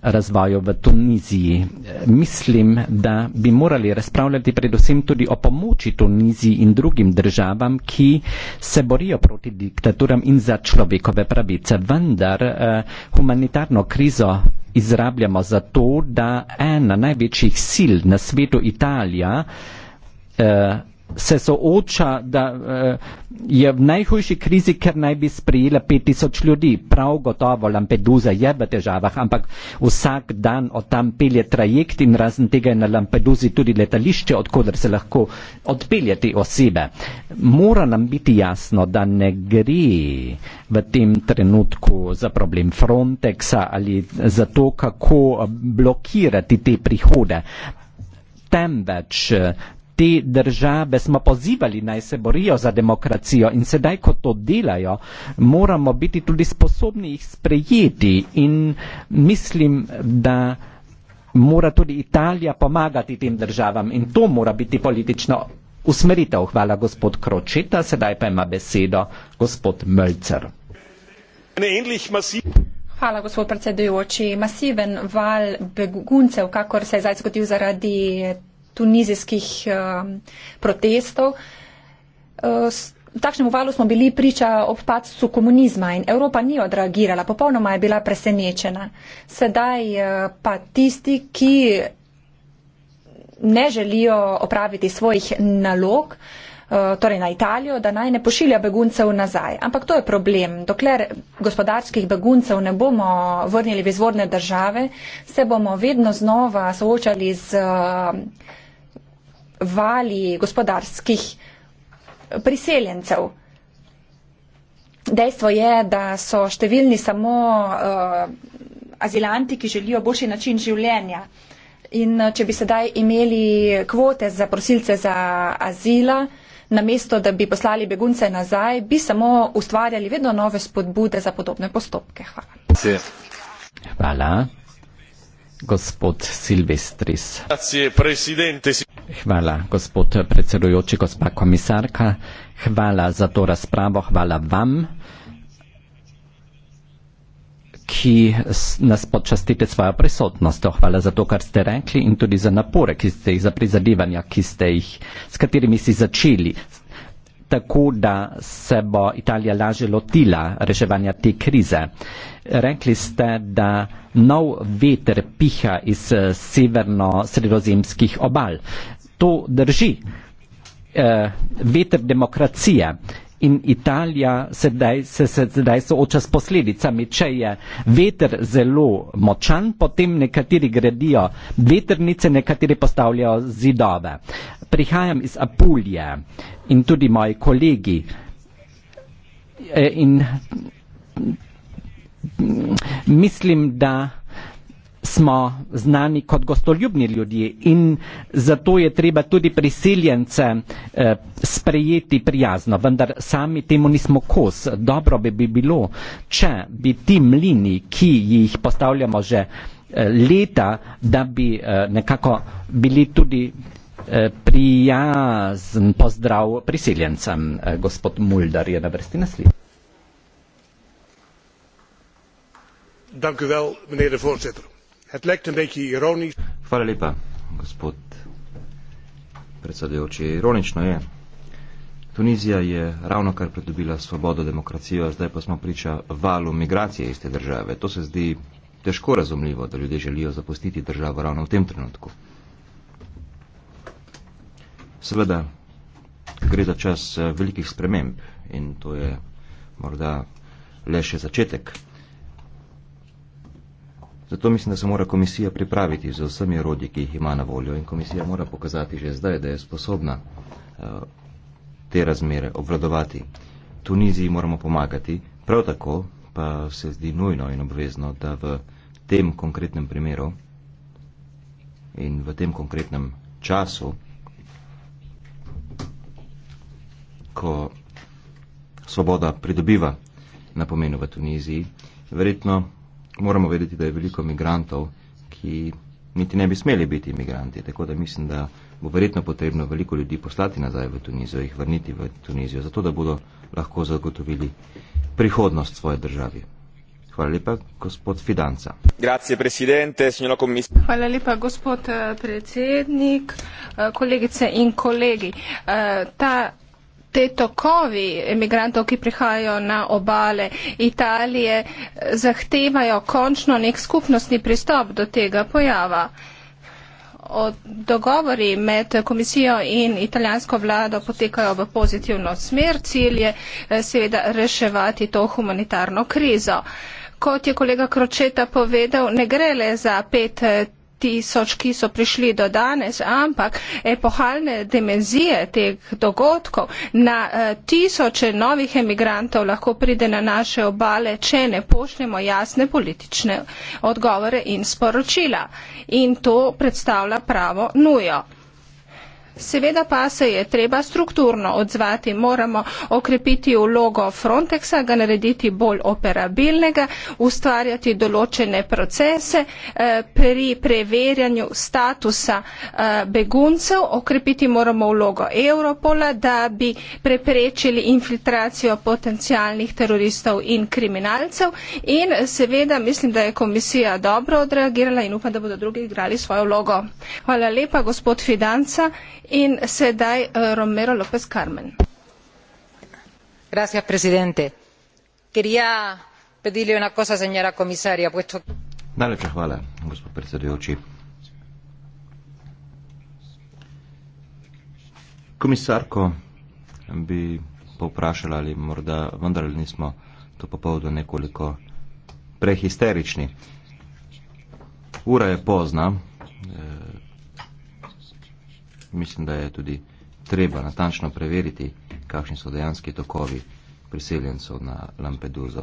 razvoju v Tuniziji. Mislim, da bi morali razpravljati predvsem tudi o pomoči Tuniziji in drugim državam, ki se borijo proti diktaturam in za človekove pravice. Vendar eh, humanitarno krizo izrabljamo zato, da ena največjih sil na svetu Italija eh, se sooča, da uh, je v najhujši krizi, ker naj bi sprijela 5000 ljudi. Prav gotovo Lampedusa je v težavah, ampak vsak dan od tam pelje trajekt in razen tega je na Lampeduzi tudi letališče, odkudar se lahko odpelje te osebe. Mora nam biti jasno, da ne gre v tem trenutku za problem Frontexa ali za to, kako blokirati te prihode. Temveč eh, te države smo pozivali naj se borijo za demokracijo in sedaj, ko to delajo, moramo biti tudi sposobni jih sprejeti in mislim, da mora tudi Italija pomagati tem državam in to mora biti politično usmeritev. Hvala gospod Kročeta, sedaj pa ima besedo gospod Mölcer. Hvala, gospod predsedujoči. Masiven val beguncev, kakor se je zdaj zgodil zaradi tunizijskih uh, protestov. Uh, eh, Takšnemu valu smo bili priča ob padcu komunizma in Evropa ni odreagirala, popolnoma je bila presenečena. Sedaj eh, pa tisti, ki ne želijo opraviti svojih nalog, uh, Eh, torej na Italijo, da naj ne pošilja beguncev nazaj. Ampak to je problem. Dokler gospodarskih beguncev ne bomo vrnili v izvorne države, se bomo vedno znova soočali z eh, vali gospodarskih priseljencev. Dejstvo je, da so številni samo uh, azilanti, ki želijo boljši način življenja. In če bi sedaj imeli kvote za prosilce za azila, uh, namesto da bi poslali begunce nazaj, bi samo ustvarjali vedno nove spodbude za podobne postopke. Hvala. Hvala. Gospod Silvestris. Hvala, gospod predsedujoči, gospa komisarka. Hvala za to razpravo. Hvala vam ki nas počastite svojo prisotnostjo. Hvala za to, kar ste rekli in tudi za napore, ki ste jih, za prizadevanja, ki ste jih, s katerimi si začeli tako da se bo Italija lažje lotila reševanja te krize. Rekli ste, da nov veter piha iz severno-sredozemskih obal. To drži. E, veter demokracije in Italija sedaj, se sedaj sooča s posledicami. Če je veter zelo močan, potem nekateri gradijo veternice, nekateri postavljajo zidove. Prihajam iz Apulje in tudi moji kolegi. E, in mm, mislim, da smo znani kot gostoljubni ljudje in zato je treba tudi priseljence eh, sprejeti prijazno, vendar sami temu nismo kos. Dobro bi, bi bilo, če bi ti mlini, ki jih postavljamo že eh, leta, da bi eh, nekako bili tudi eh, prijazen pozdrav priseljencem. Eh, gospod Muldar je na vrsti naslednji. Dank u wel, meneer de voorzitter. Het lijkt een beetje ironisch. Hvala lepa, gospod predsedujoči. Ironično je. Tunizija je ravno kar pridobila svobodo, demokracijo, zdaj pa smo priča valu migracije iz te države. To se zdi težko razumljivo, da ljudje želijo zapustiti državo ravno v tem trenutku. Seveda gre za čas eh, velikih sprememb in to je morda le še začetek. Zato mislim, da se mora komisija pripraviti z vsemi rodi, ki jih ima na voljo in komisija mora pokazati že zdaj, da je sposobna eh, te razmere obvladovati. Tuniziji moramo pomagati, prav tako pa se zdi nujno in obvezno, da v tem konkretnem primeru in v tem konkretnem času, ko svoboda pridobiva na pomenu v Tuniziji, verjetno moramo vedeti, da je veliko migrantov, ki niti ne bi smeli biti imigranti. Tako da mislim, da bo verjetno potrebno veliko ljudi poslati nazaj v Tunizijo, jih vrniti v Tunizijo, zato da bodo lahko zagotovili prihodnost svoje državi. Hvala lepa, gospod Fidanca. Hvala lepa, gospod eh, predsednik, eh, kolegice in kolegi. Eh, ta te tokovi emigrantov, ki prihajajo na obale Italije, zahtevajo končno nek skupnostni pristop do tega pojava. O dogovori med komisijo in italijansko vlado potekajo v pozitivno smer. Cilj je eh, seveda reševati to humanitarno krizo. Kot je kolega Kročeta povedal, ne gre le za pet eh, tisoč, ki so prišli do danes, ampak epohalne dimenzije teh dogodkov na eh, tisoče novih emigrantov lahko pride na naše obale, če ne pošljemo jasne politične odgovore in sporočila. In to predstavlja pravo nujo. Seveda pa se je treba strukturno odzvati, moramo okrepiti vlogo Frontexa, ga narediti bolj operabilnega, ustvarjati določene procese eh, pri preverjanju statusa eh, beguncev, okrepiti moramo vlogo Europola, da bi preprečili infiltracijo potencijalnih teroristov in kriminalcev in seveda mislim, da je komisija dobro odreagirala in upam, da bodo drugi igrali svojo vlogo. Hvala lepa, gospod Fidanca. In sedaj eh, Romero López Carmen. Gracias, presidente. Quería pedirle una cosa, señora comisaria, puesto que. Dale, chahuala, gospod predsedujoči. Komisarko bi povprašala, ali morda vendar ali nismo to popoldne nekoliko prehisterični. Ura je pozna, mislim, da je tudi treba natančno preveriti, kakšni so dejanski tokovi priseljencev na Lampeduzo.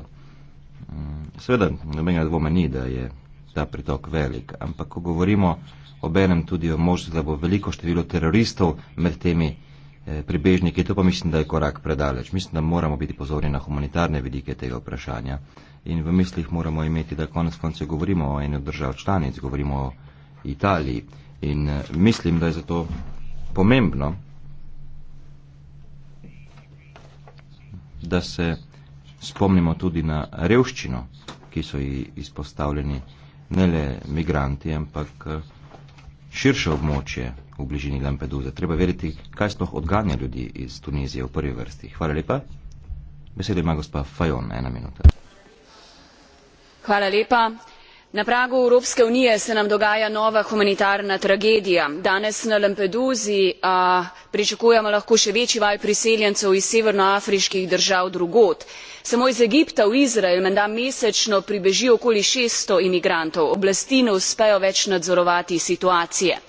Mm, Sveda, nobenega dvoma ni, da je ta pritok velik, ampak ko govorimo obenem tudi o možnosti, da bo veliko število teroristov med temi eh, pribežniki, to pa mislim, da je korak predaleč. Mislim, da moramo biti pozorni na humanitarne vidike tega vprašanja in v mislih moramo imeti, da konec konce govorimo o eni od držav članic, govorimo o Italiji in eh, mislim, da je zato pomembno, da se spomnimo tudi na revščino, ki so ji izpostavljeni ne le migranti, ampak eh, širše območje v bližini Lampeduze. Treba veriti, kaj sploh odganja ljudi iz Tunizije v prvi vrsti. Hvala lepa. Besede ima gospa Fajon, ena minuta. Hvala lepa na pragu evropske unije se nam dogaja nova humanitarna tragedija danes na lampedusi pričakujemo lahko še večji val priseljencev iz severnoafriških držav drugod samo iz egipta v izrael menda mesečno pribeži okoli šeststo imigrantov oblasti ne uspejo več nadzorovati situacije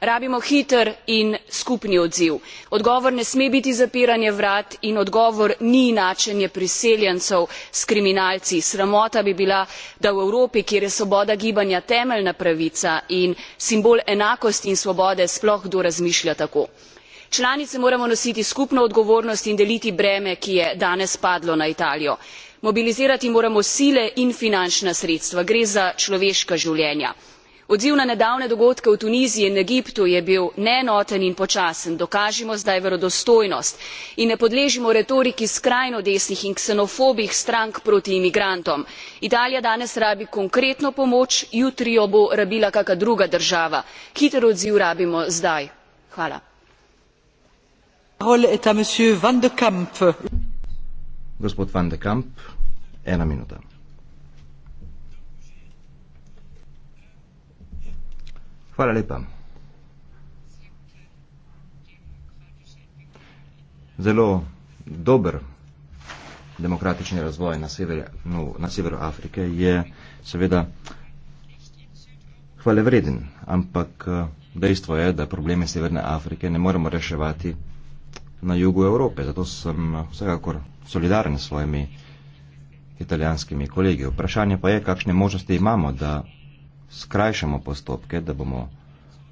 rabimo hiter in skupni odziv odgovor ne sme biti zapiranje vrat in odgovor ni enačenje priseljencev s kriminalci sramota bi bila da v evropi kjer je svoboda gibanja temeljna pravica in simbol enakosti in svobode sploh kdo razmišlja tako članice moramo nositi skupno odgovornost in deliti breme ki je danes padlo na italijo mobilizirati moramo sile in finančna sredstva gre za človeška življenja odziv na nedavne dogodke v tuniziji in egiptu je bil neenoten in počasen dokažimo zdaj verodostojnost in ne podležimo retoriki skrajno desnih in ksenofobnih strank proti imigrantom italija danes rabi konkretno pomoč jutri jo bo rabila kaka druga država hiter odziv rabimo zdaj hvala Hvala lepa. Zelo dober demokratični razvoj na severu, no, na severu Afrike je seveda hvale vreden, ampak eh, dejstvo je, da probleme Severne Afrike ne moremo reševati na jugu Evrope. Zato sem eh, vsekakor solidaren s svojimi italijanskimi kolegi. Vprašanje pa je, kakšne možnosti imamo, da skrajšamo postopke, da bomo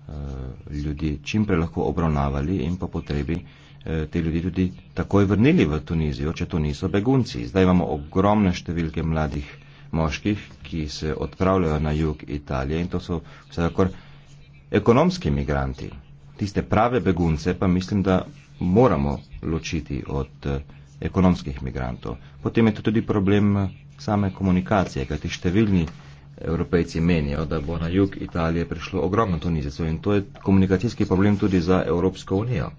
eh, ljudi čimprej lahko obravnavali in pa potrebi eh, te ljudi tudi takoj vrnili v Tunizijo, če to niso begunci. Zdaj imamo ogromne številke mladih moških, ki se odpravljajo na jug Italije in to so vsekakor ekonomski migranti. Tiste prave begunce pa mislim, da moramo ločiti od eh, ekonomskih migrantov. Potem je to tudi problem eh, same komunikacije, kajti številni Evropejci menijo, da bo na jug Italije prišlo ogromno tunizicov in to je komunikacijski problem tudi za Evropsko unijo.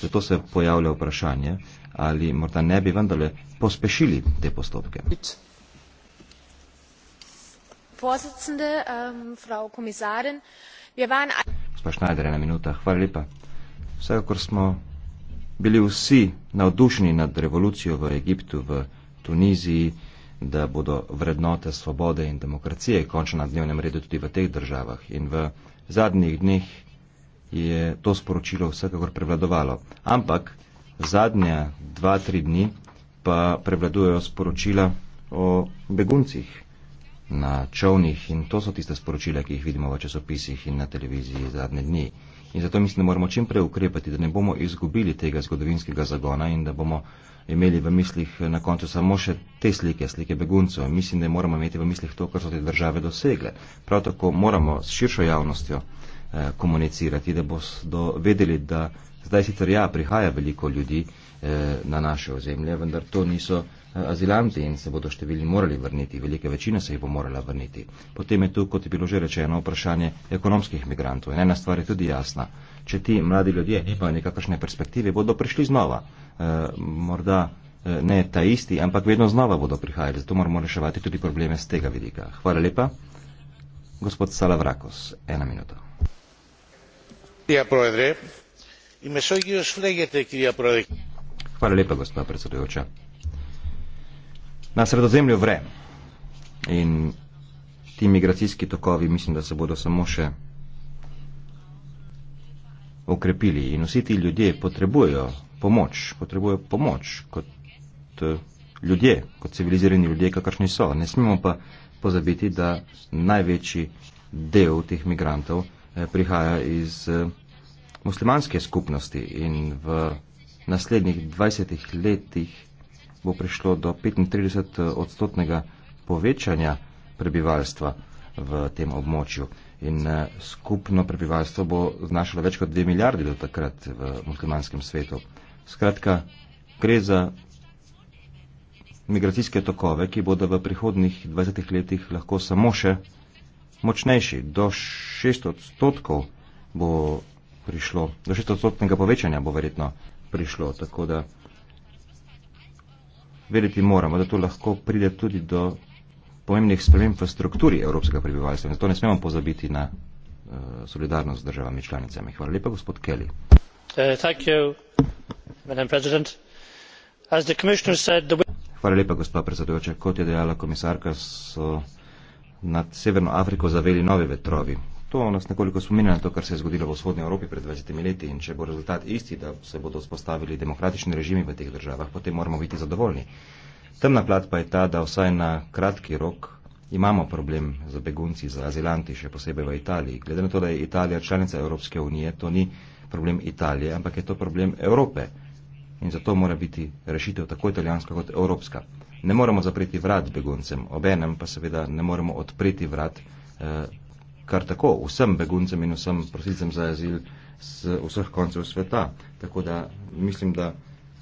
Zato se pojavlja vprašanje, ali morda ne bi vendarle pospešili te postopke. Ehm, Gospa Šnajder, ena minuta, hvala lepa. Vsekakor smo bili vsi navdušeni nad revolucijo v Egiptu, v Tuniziji da bodo vrednote svobode in demokracije končno na dnevnem redu tudi v teh državah. In v zadnjih dneh je to sporočilo vsekakor prevladovalo. Ampak zadnja dva, tri dni pa prevladujejo sporočila o beguncih na čovnih in to so tiste sporočila, ki jih vidimo v časopisih in na televiziji zadnje dni. In zato mislim, da moramo čim prej ukrepati, da ne bomo izgubili tega zgodovinskega zagona in da bomo imeli v mislih eh, na koncu samo še te slike, slike beguncev. Mislim, da moramo imeti v mislih to, kar so te države dosegle. Prav tako moramo s širšo javnostjo eh, komunicirati, da bodo vedeli, da zdaj sicer ja, prihaja veliko ljudi eh, na naše ozemlje, vendar to niso Eh, azilanti in se bodo številni morali vrniti, velike večine se jih bo morala vrniti. Potem je tu, kot je bilo že rečeno, vprašanje ekonomskih migrantov. In ena stvar je tudi jasna. Če ti mladi ljudje nimajo nekakšne perspektive, bodo prišli znova. Eh, morda eh, ne ta isti, ampak vedno znova bodo prihajali. Zato moramo reševati tudi probleme z tega vidika. Hvala lepa. Gospod Salavrakos, ena minuta. Ja, Hvala lepa, gospod predsedujoča na sredozemlju vre. In ti migracijski tokovi mislim, da se bodo samo še okrepili. In vsi ti ljudje potrebujejo pomoč, potrebujejo pomoč kot eh, ljudje, kot civilizirani ljudje, kakršni so. Ne smemo pa pozabiti, da največji del teh migrantov eh, prihaja iz eh, muslimanske skupnosti in v naslednjih 20 letih bo prišlo do 35 odstotnega povečanja prebivalstva v tem območju. In eh, skupno prebivalstvo bo znašalo več kot 2 milijardi do takrat v muslimanskem svetu. Skratka, gre za migracijske tokove, ki bodo v prihodnih 20 letih lahko samo še močnejši. Do 6 odstotkov bo prišlo, do 6 odstotnega povečanja bo verjetno prišlo. Tako da vedeti moramo, da tu lahko pride tudi do pomembnih sprememb v strukturi evropskega prebivalstva. Zato ne smemo pozabiti na uh, solidarnost z državami članicami. Hvala lepa, gospod Kelly. Uh, Hvala lepa, gospod predsedujoča. Kot je dejala komisarka, so nad Severno Afriko zaveli nove vetrovi. To nas nekoliko spominja na to, kar se je zgodilo v vzhodnji Evropi pred 20 leti in če bo rezultat isti, da se bodo vzpostavili demokratični režimi v teh državah, potem moramo biti zadovoljni. Temna plat pa je ta, da vsaj na kratki rok imamo problem z begunci, z azilanti, še posebej v Italiji. Glede na to, da je Italija članica Evropske unije, to ni problem Italije, ampak je to problem Evrope. In zato mora biti rešitev tako italijanska kot evropska. Ne moremo zapreti vrat beguncem, obenem pa seveda ne moremo odpreti vrat eh, kar tako vsem beguncem in vsem prosilcem za azil z vseh koncev sveta. Tako da mislim, da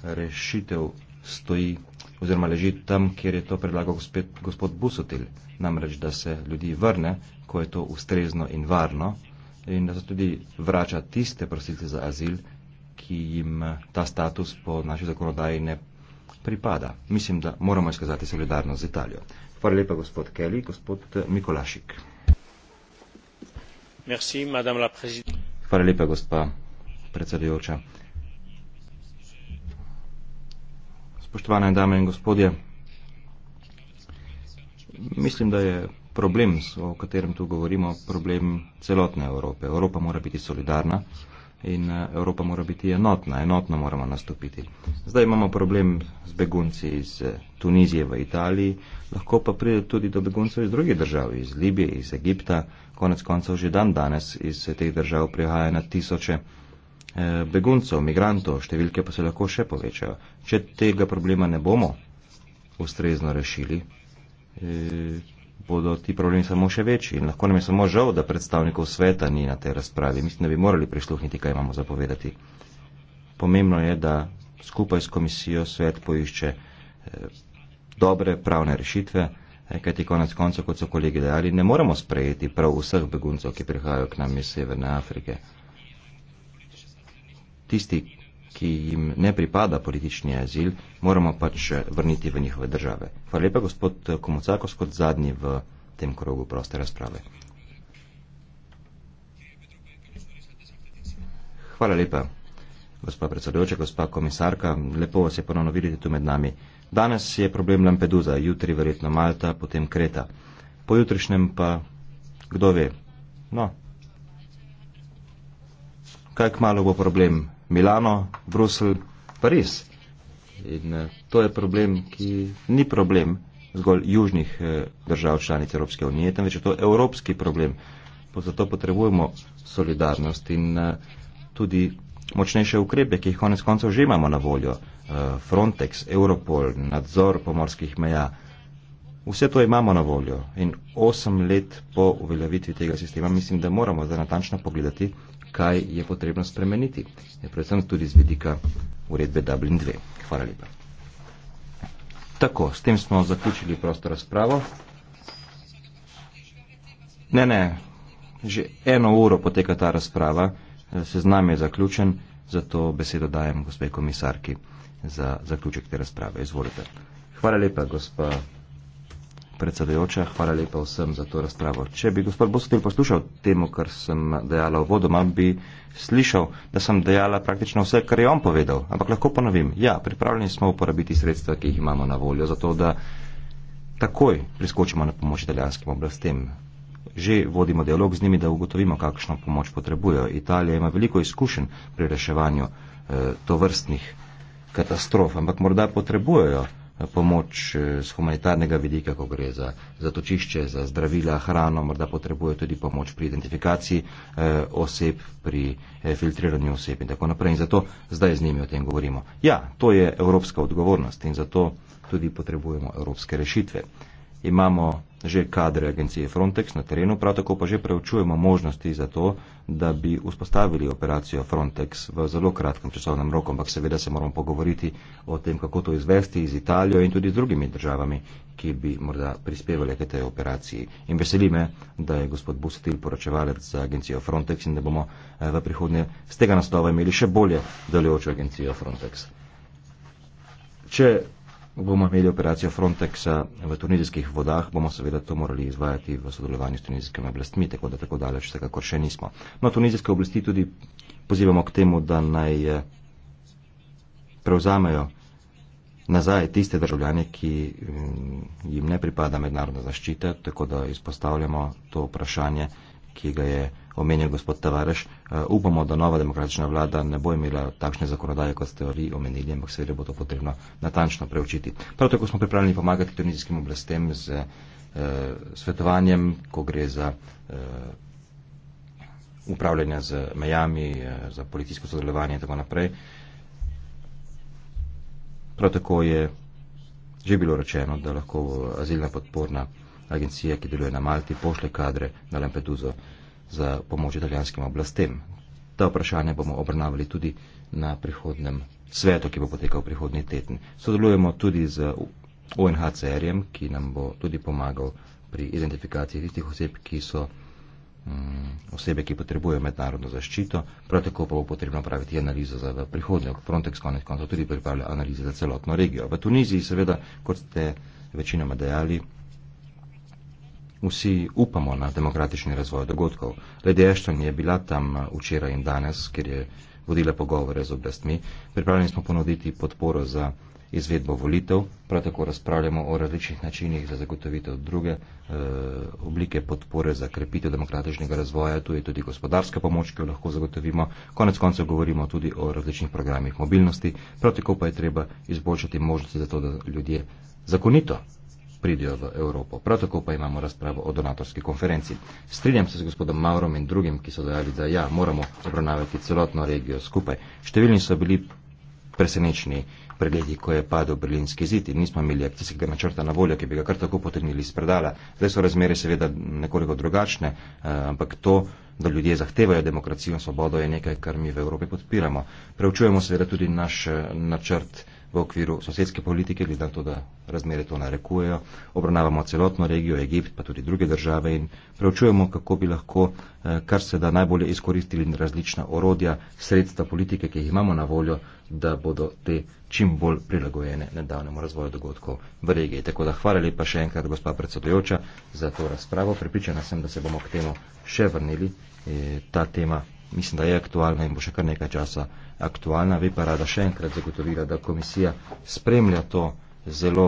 rešitev stoji oziroma leži tam, kjer je to predlagal gospod, gospod Busotil, namreč da se ljudi vrne, ko je to ustrezno in varno in da se tudi vrača tiste prosilce za azil, ki jim eh, ta status po naši zakonodaji ne pripada. Mislim, da moramo izkazati solidarnost z Italijo. Hvala lepa, gospod Kelly, gospod eh, Mikolašik. Hvala lepa, gospa predsedujoča. Spoštovane dame in gospodje, mislim, da je problem, o katerem tu govorimo, problem celotne Evrope. Evropa mora biti solidarna in eh, Evropa mora biti enotna, enotno moramo nastopiti. Zdaj imamo problem z begunci iz eh, Tunizije v Italiji, lahko pa pride tudi do beguncev iz drugih držav, iz Libije, iz Egipta, konec koncev že dan danes iz eh, teh držav prihaja na tisoče beguncev, migrantov, številke pa se lahko še povečajo. Če tega problema ne bomo ustrezno rešili, bodo ti problemi samo še večji. In lahko nam je samo žal, da predstavnikov sveta ni na tej razpravi. Mislim, da bi morali prisluhniti, kaj imamo zapovedati. Pomembno je, da skupaj s komisijo svet poišče eh, dobre pravne rešitve, eh, kaj ti konec konca, kot so kolegi dejali, ne moramo sprejeti prav vseh beguncev, ki prihajajo k nam iz Severne Afrike. Tisti, ki jim ne pripada politični azil, moramo pač eh, vrniti v njihove države. Hvala lepa, gospod eh, Komocakos, kot zadnji v tem krogu proste razprave. Hvala lepa, gospa predsedujoča, gospa komisarka. Lepo vas je ponovno videti tu med nami. Danes je problem Lampeduza, jutri verjetno Malta, potem Kreta. Po jutrišnjem pa kdo ve? No, kaj k malu bo problem Milano, Bruselj, Pariz. In eh, to je problem, ki ni problem zgolj južnih eh, držav članic Evropske unije, temveč je to evropski problem. Zato potrebujemo solidarnost in eh, tudi močnejše ukrepe, ki jih konec koncev že imamo na voljo. Frontex, Europol, nadzor pomorskih meja. Vse to imamo na voljo in osem let po uveljavitvi tega sistema mislim, da moramo zdaj natančno pogledati, kaj je potrebno spremeniti. Je ja, predvsem tudi z vidika uredbe Dublin 2. Hvala lepa. Tako, s tem smo zaključili prosto razpravo. Ne, ne, že eno uro poteka ta razprava, eh, seznam je zaključen, zato besedo dajem gospe komisarki za zaključek te razprave. Izvolite. Hvala lepa, gospa predsedojoča, hvala lepa vsem za to razpravo. Če bi gospod Bosotil poslušal temu, kar sem dejala v vodoma, bi slišal, da sem dejala praktično vse, kar je on povedal. Ampak lahko ponovim, ja, pripravljeni smo uporabiti sredstva, ki jih imamo na voljo, zato da takoj priskočimo na pomoč italijanskim oblastem. Že vodimo dialog z njimi, da ugotovimo, kakšno pomoč potrebujejo. Italija ima veliko izkušenj pri reševanju eh, tovrstnih katastrof, ampak morda potrebujejo pomoč z eh, humanitarnega vidika, ko gre za zatočišče, za zdravila, hrano, morda potrebuje tudi pomoč pri identifikaciji eh, oseb, pri eh, filtriranju oseb in tako naprej. In zato zdaj z njimi o tem govorimo. Ja, to je evropska odgovornost in zato tudi potrebujemo evropske rešitve. Imamo že kadre agencije Frontex na terenu, prav tako pa že preučujemo možnosti za to, da bi vzpostavili operacijo Frontex v zelo kratkem časovnem roku, ampak seveda se moramo pogovoriti o tem, kako to izvesti z Italijo in tudi z drugimi državami, ki bi morda prispevali k tej operaciji. In veseli me, da je gospod Busetil poročevalec za agencijo Frontex in da bomo eh, v prihodnje z tega naslova imeli še bolje delujočo agencijo Frontex. Če bomo imeli operacijo Frontexa v tunizijskih vodah, bomo seveda to morali izvajati v sodelovanju s tunizijskimi oblastmi, tako da tako daleč vsekakor še nismo. No, tunizijske oblasti tudi pozivamo k temu, da naj eh, prevzamejo nazaj tiste državljane, ki mm, jim ne pripada mednarodna zaščita, tako da izpostavljamo to vprašanje, ki ga je omenja gospod Tavares. Eh, upamo, da nova demokratična vlada ne bo imela takšne zakonodaje, kot ste vi omenili, ampak seveda bo to potrebno natančno preučiti. Prav tako smo pripravljeni pomagati tunizijskim oblastem z eh, svetovanjem, ko gre za eh, upravljanje z mejami, eh, za politijsko sodelovanje in tako naprej. Prav tako je že bilo rečeno, da lahko azilna podporna agencija, ki deluje na Malti, pošle kadre na Lampeduzo za pomoč italijanskim oblastem. Ta vprašanja bomo obravnavali tudi na prihodnem svetu, ki bo potekal prihodnji teden. Sodelujemo tudi z UNHCR-jem, ki nam bo tudi pomagal pri identifikaciji tistih oseb, ki so mm, osebe, ki potrebujejo mednarodno zaščito, prav tako pa bo potrebno praviti analizo za prihodnjo. Frontex konec konca tudi pripravlja analize za celotno regijo. V Tuniziji seveda, kot ste večinoma dejali, Vsi upamo na demokratični razvoj dogodkov. Lady Ashton je bila tam eh, včeraj in danes, ker je vodila pogovore z oblastmi. Pripravljeni smo ponuditi podporo za izvedbo volitev, prav tako razpravljamo o različnih načinih za zagotovitev druge e, oblike podpore za krepitev demokratičnega razvoja, tu je tudi gospodarska pomoč, ki jo lahko zagotovimo, konec koncev govorimo tudi o različnih programih mobilnosti, prav tako pa je treba izboljšati možnosti za to, da ljudje zakonito pridejo v Evropo. Prav tako pa imamo razpravo o donatorski konferenci. Strinjam se z gospodom Maurom in drugim, ki so dejali, da ja, moramo obravnavati celotno regijo skupaj. Številni so bili presenečni pred leti, ko je padel berlinski zid in nismo imeli akcijskega načrta na voljo, ki bi ga kar tako potrnili iz predala. Zdaj so razmere seveda nekoliko drugačne, eh, ampak to, da ljudje zahtevajo demokracijo in svobodo, je nekaj, kar mi v Evropi podpiramo. Preučujemo seveda tudi naš eh, načrt v okviru sosedske politike, glede na to, da razmere to narekujejo. Obravnavamo celotno regijo, Egipt, pa tudi druge države in preučujemo, kako bi lahko eh, kar se da najbolje izkoristili različna orodja, sredstva politike, ki jih imamo na voljo, da bodo te čim bolj prilagojene nedavnemu razvoju dogodkov v regiji. Tako da hvala lepa še enkrat, gospa predsedujoča, za to razpravo. Pripričana sem, da se bomo k temu še vrnili. E, ta tema mislim, da je aktualna in bo še kar nekaj časa aktualna, bi pa rada še enkrat zagotovila, da komisija spremlja to zelo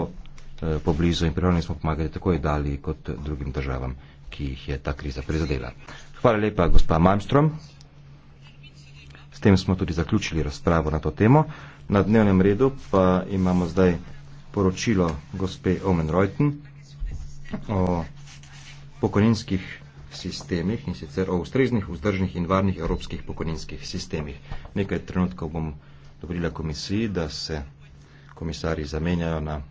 eh, poblizu in pripravljeni smo pomagati tako Italiji kot drugim državam, ki jih je ta kriza prizadela. Hvala lepa, gospa Malmstrom. S tem smo tudi zaključili razpravo na to temo. Na dnevnem redu pa imamo zdaj poročilo gospe Omen Reuten o pokojninskih sistemih in sicer o ustreznih, vzdržnih in varnih evropskih pokojninskih sistemih. Nekaj trenutkov bom dobrila komisiji, da se komisari zamenjajo na